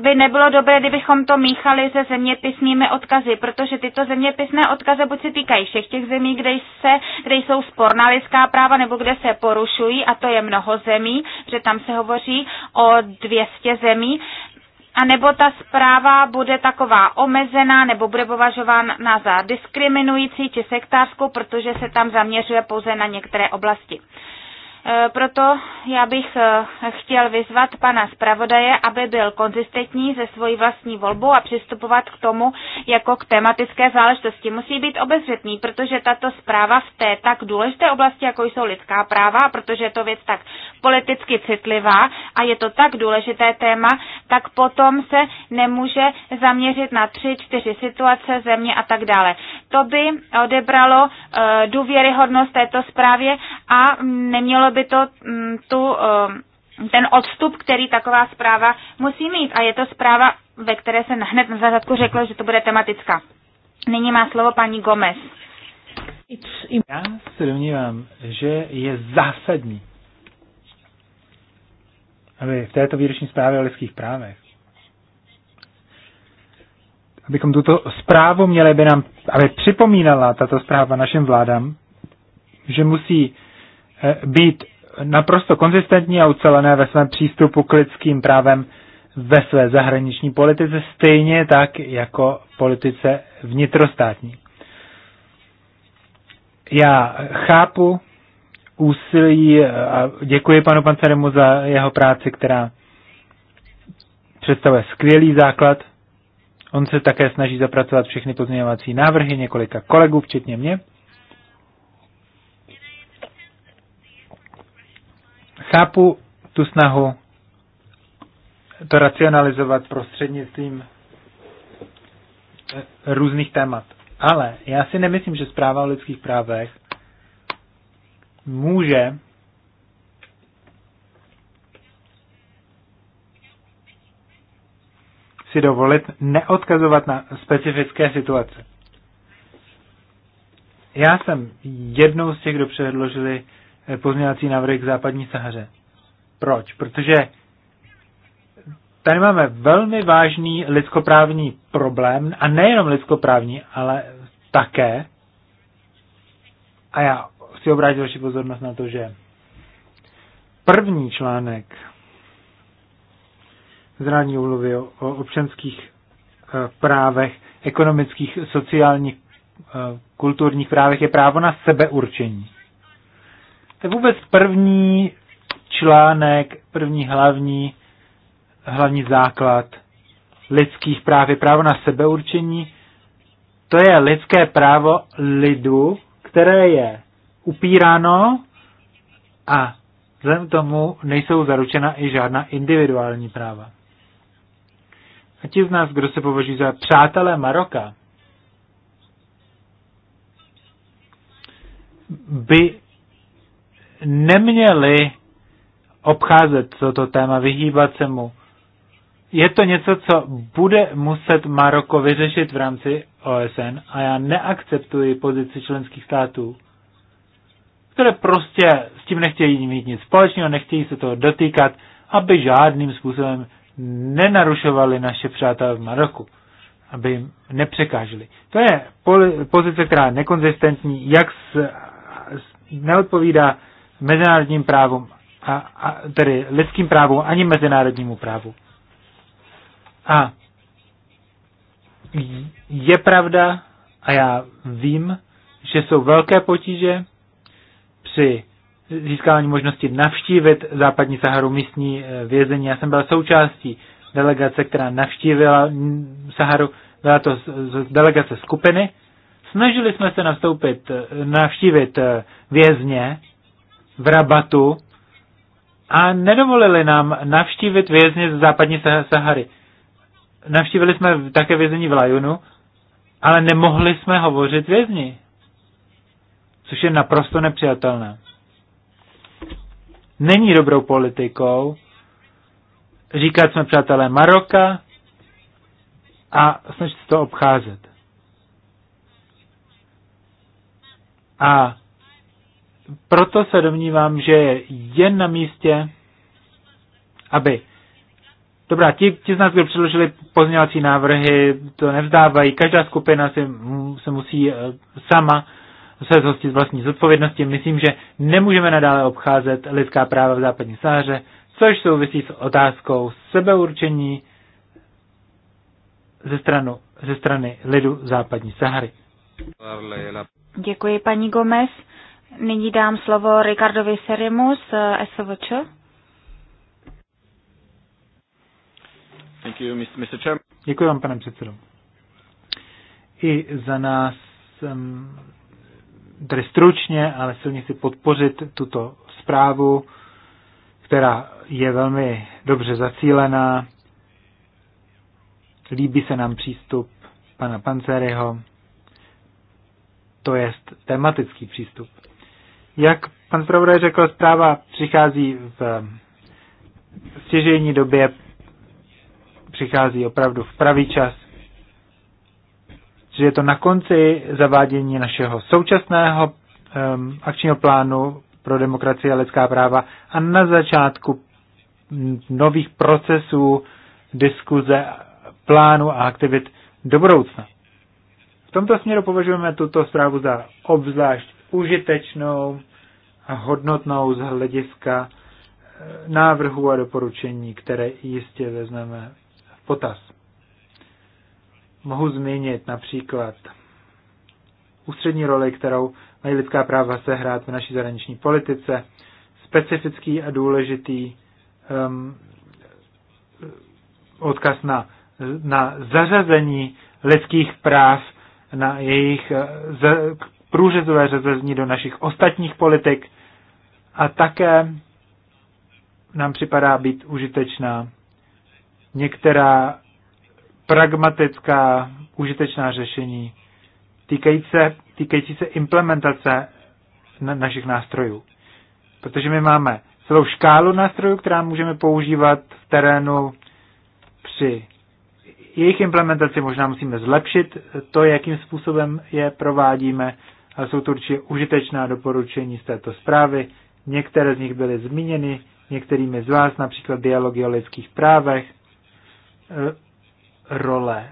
by nebylo dobré, kdybychom to míchali se zeměpisnými odkazy, protože tyto zeměpisné odkazy buď se týkají všech těch zemí, kde, se, kde jsou sporná lidská práva nebo kde se porušují, a to je mnoho zemí, že tam se hovoří o 200 zemí, a nebo ta zpráva bude taková omezená nebo bude považována za diskriminující či sektářskou, protože se tam zaměřuje pouze na některé oblasti. E, proto já bych e, chtěl vyzvat pana zpravodaje, aby byl konzistentní ze svojí vlastní volbou a přistupovat k tomu jako k tematické záležitosti. Musí být obezřetný, protože tato zpráva v té tak důležité oblasti, jako jsou lidská práva, a protože je to věc tak politicky citlivá a je to tak důležité téma, tak potom se nemůže zaměřit na tři, čtyři situace země a tak dále. To by odebralo e, důvěryhodnost této zprávě a nemělo by to mm, tu, eh, ten odstup, který taková zpráva musí mít. A je to zpráva, ve které se hned na začátku řeklo, že to bude tematická. Nyní má slovo paní Gomez. Já se domnívám, že je zásadní, aby v této výroční zprávě o lidských právech, abychom tuto zprávu měli, by nám, aby připomínala tato zpráva našim vládám, že musí Eh, být naprosto konzistentní a ucelené ve svém přístupu k lidským právem ve své zahraniční politice, stejně tak jako politice vnitrostátní. Já chápu úsilí eh, a děkuji panu Panceremu za jeho práci, která představuje skvělý základ. On se také snaží zapracovat všechny pozměňovací návrhy několika kolegů, včetně mě. Chápu tu snahu to racionalizovat prostřednictvím různých témat. Ale já si nemyslím, že zpráva o lidských právech může si dovolit neodkazovat na specifické situace. Já jsem jednou z těch, kdo předložili pozměňovací návrhy k západní Sahaře. Proč? Protože tady máme velmi vážný lidskoprávní problém, a nejenom lidskoprávní, ale také. A já chci obrátit vaši pozornost na to, že první článek zrání úmluvy o, o občanských e, právech, ekonomických, sociálních, e, kulturních právech je právo na sebeurčení. To je vůbec první článek, první hlavní, hlavní základ lidských práv je právo na sebeurčení. To je lidské právo lidu, které je upíráno a vzhledem tomu nejsou zaručena i žádná individuální práva. A ti z nás, kdo se považují za přátelé Maroka, by neměli obcházet toto téma, vyhýbat se mu. Je to něco, co bude muset Maroko vyřešit v rámci OSN a já neakceptuji pozici členských států, které prostě s tím nechtějí mít nic společného, nechtějí se toho dotýkat, aby žádným způsobem nenarušovali naše přátelé v Maroku, aby jim nepřekáželi. To je pozice, která je nekonzistentní, jak s, s, neodpovídá mezinárodním právům, a, a, tedy lidským právům ani mezinárodnímu právu. A je pravda, a já vím, že jsou velké potíže při získávání možnosti navštívit západní Saharu místní eh, vězení. Já jsem byl součástí delegace, která navštívila Saharu, byla to delegace skupiny. Snažili jsme se navstoupit, eh, navštívit eh, vězně, v Rabatu a nedovolili nám navštívit vězně z západní Sahary. Navštívili jsme také vězení v Lajunu, ale nemohli jsme hovořit vězni, což je naprosto nepřijatelné. Není dobrou politikou říkat jsme přátelé Maroka a snažit se to obcházet. A proto se domnívám, že je jen na místě, aby Dobrá, ti, ti z nás, kdo předložili pozměňovací návrhy, to nevzdávají. Každá skupina se se musí eh, sama se zhostit vlastní zodpovědnosti. Myslím, že nemůžeme nadále obcházet lidská práva v západní sáře, což souvisí s otázkou sebeurčení ze, stranu, ze strany lidu západní Sahary. Děkuji, paní Gomez. Nyní dám slovo Ricardovi Serimu z eh, SVČ. Thank you, Mr. Děkuji vám, pane předsedo. I za nás, tady stručně, ale silně si podpořit tuto zprávu, která je velmi dobře zacílená. Líbí se nám přístup pana Panceryho, to je tematický přístup. Jak pan zpravodaj řekl, zpráva přichází v stěžení době, přichází opravdu v pravý čas, že je to na konci zavádění našeho současného um, akčního plánu pro demokracii a lidská práva a na začátku nových procesů, diskuze, plánu a aktivit do budoucna. V tomto směru považujeme tuto zprávu za obzvlášť užitečnou a hodnotnou z hlediska eh, návrhů a doporučení, které jistě vezmeme v potaz. Mohu zmínit například ústřední roli, kterou mají lidská práva sehrát v naší zahraniční politice, specifický a důležitý um, odkaz na, na zařazení lidských práv, na jejich eh, průřezové řezezní do našich ostatních politik a také nám připadá být užitečná některá pragmatická užitečná řešení týkající se, týkající se implementace na, našich nástrojů. Protože my máme celou škálu nástrojů, která můžeme používat v terénu při jejich implementaci možná musíme zlepšit to, jakým způsobem je provádíme, a jsou to určitě užitečná doporučení z této zprávy. Některé z nich byly zmíněny některými z vás, například dialogy o lidských právech, eh, role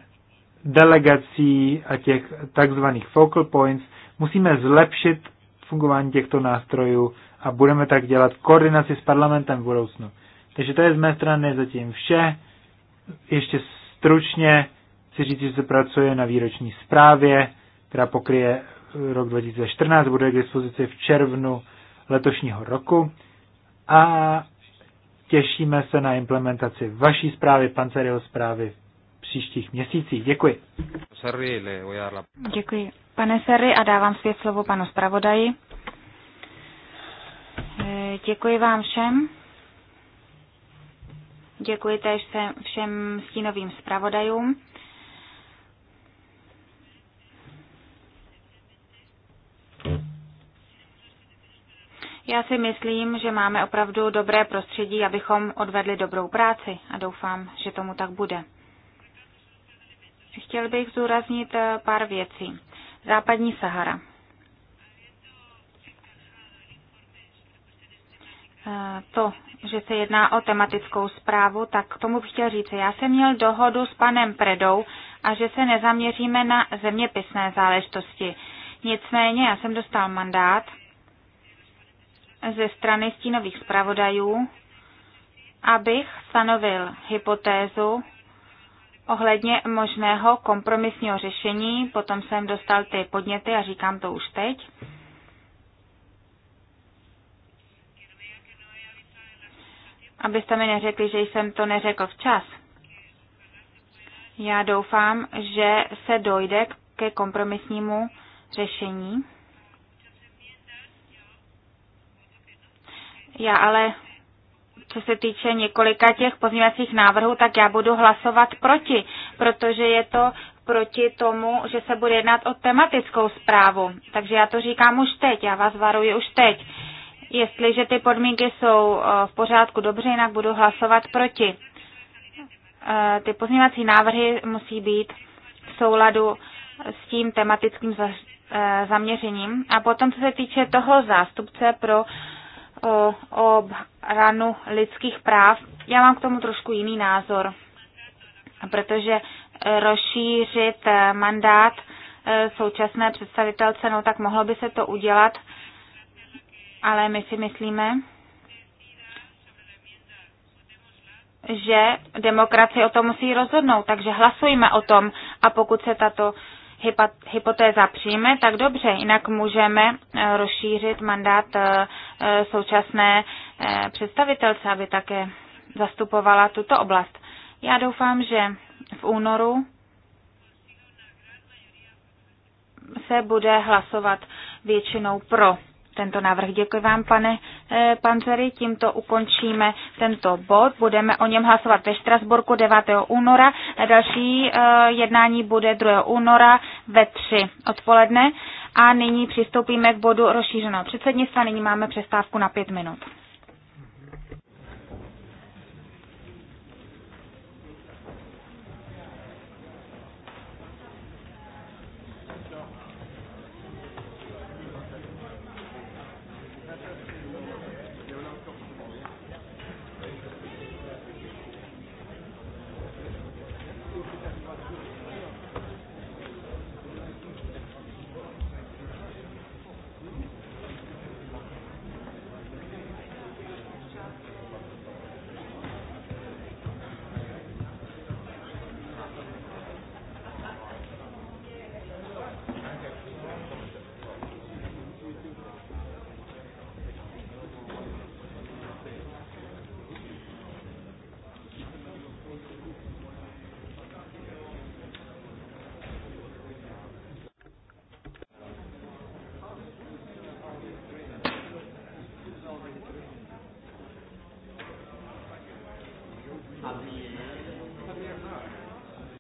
delegací a těch takzvaných focal points. Musíme zlepšit fungování těchto nástrojů a budeme tak dělat koordinaci s parlamentem v budoucnu. Takže to je z mé strany zatím vše. Ještě stručně chci říct, že se pracuje na výroční zprávě, která pokryje rok 2014 bude k dispozici v červnu letošního roku a těšíme se na implementaci vaší zprávy, Pancerio zprávy v příštích měsících. Děkuji. Děkuji. Pane Serry a dávám svět slovo panu zpravodaji. Děkuji vám všem. Děkuji též všem stínovým zpravodajům. Já si myslím, že máme opravdu dobré prostředí, abychom odvedli dobrou práci a doufám, že tomu tak bude. Chtěl bych zúraznit eh, pár věcí. Západní Sahara. Eh, to, že se jedná o tematickou zprávu, tak k tomu bych chtěl říct. Já jsem měl dohodu s panem Predou a že se nezaměříme na zeměpisné záležitosti. Nicméně já jsem dostal mandát ze strany stínových zpravodajů, abych stanovil hypotézu ohledně možného kompromisního řešení. Potom jsem dostal ty podněty a říkám to už teď. Abyste mi neřekli, že jsem to neřekl včas. Já doufám, že se dojde ke kompromisnímu řešení. Já ale, co se týče několika těch pozměňovacích návrhů, tak já budu hlasovat proti, protože je to proti tomu, že se bude jednat o tematickou zprávu. Takže já to říkám už teď, já vás varuji už teď. Jestliže ty podmínky jsou eh, v pořádku dobře, jinak budu hlasovat proti. Eh, ty pozměňovací návrhy musí být v souladu s tím tematickým eh, zaměřením. A potom, co se týče toho zástupce pro o ranu lidských práv. Já mám k tomu trošku jiný názor, protože rozšířit eh, mandát eh, současné představitelce, no tak mohlo by se to udělat, ale my si myslíme, že demokracie o tom musí rozhodnout, takže hlasujme o tom a pokud se tato hypotéza přijme, tak dobře, jinak můžeme eh, rozšířit mandát eh, eh, současné představitelce, aby také zastupovala tuto oblast. Já doufám, že v únoru se bude hlasovat většinou pro tento návrh. Děkuji vám, pane eh, Panzery. Tímto ukončíme tento bod. Budeme o něm hlasovat ve Štrasburku 9. února. Další eh, jednání bude 2. února ve 3 odpoledne. A nyní přistoupíme k bodu rozšířeného předsednictva. Nyní máme přestávku na 5 minut.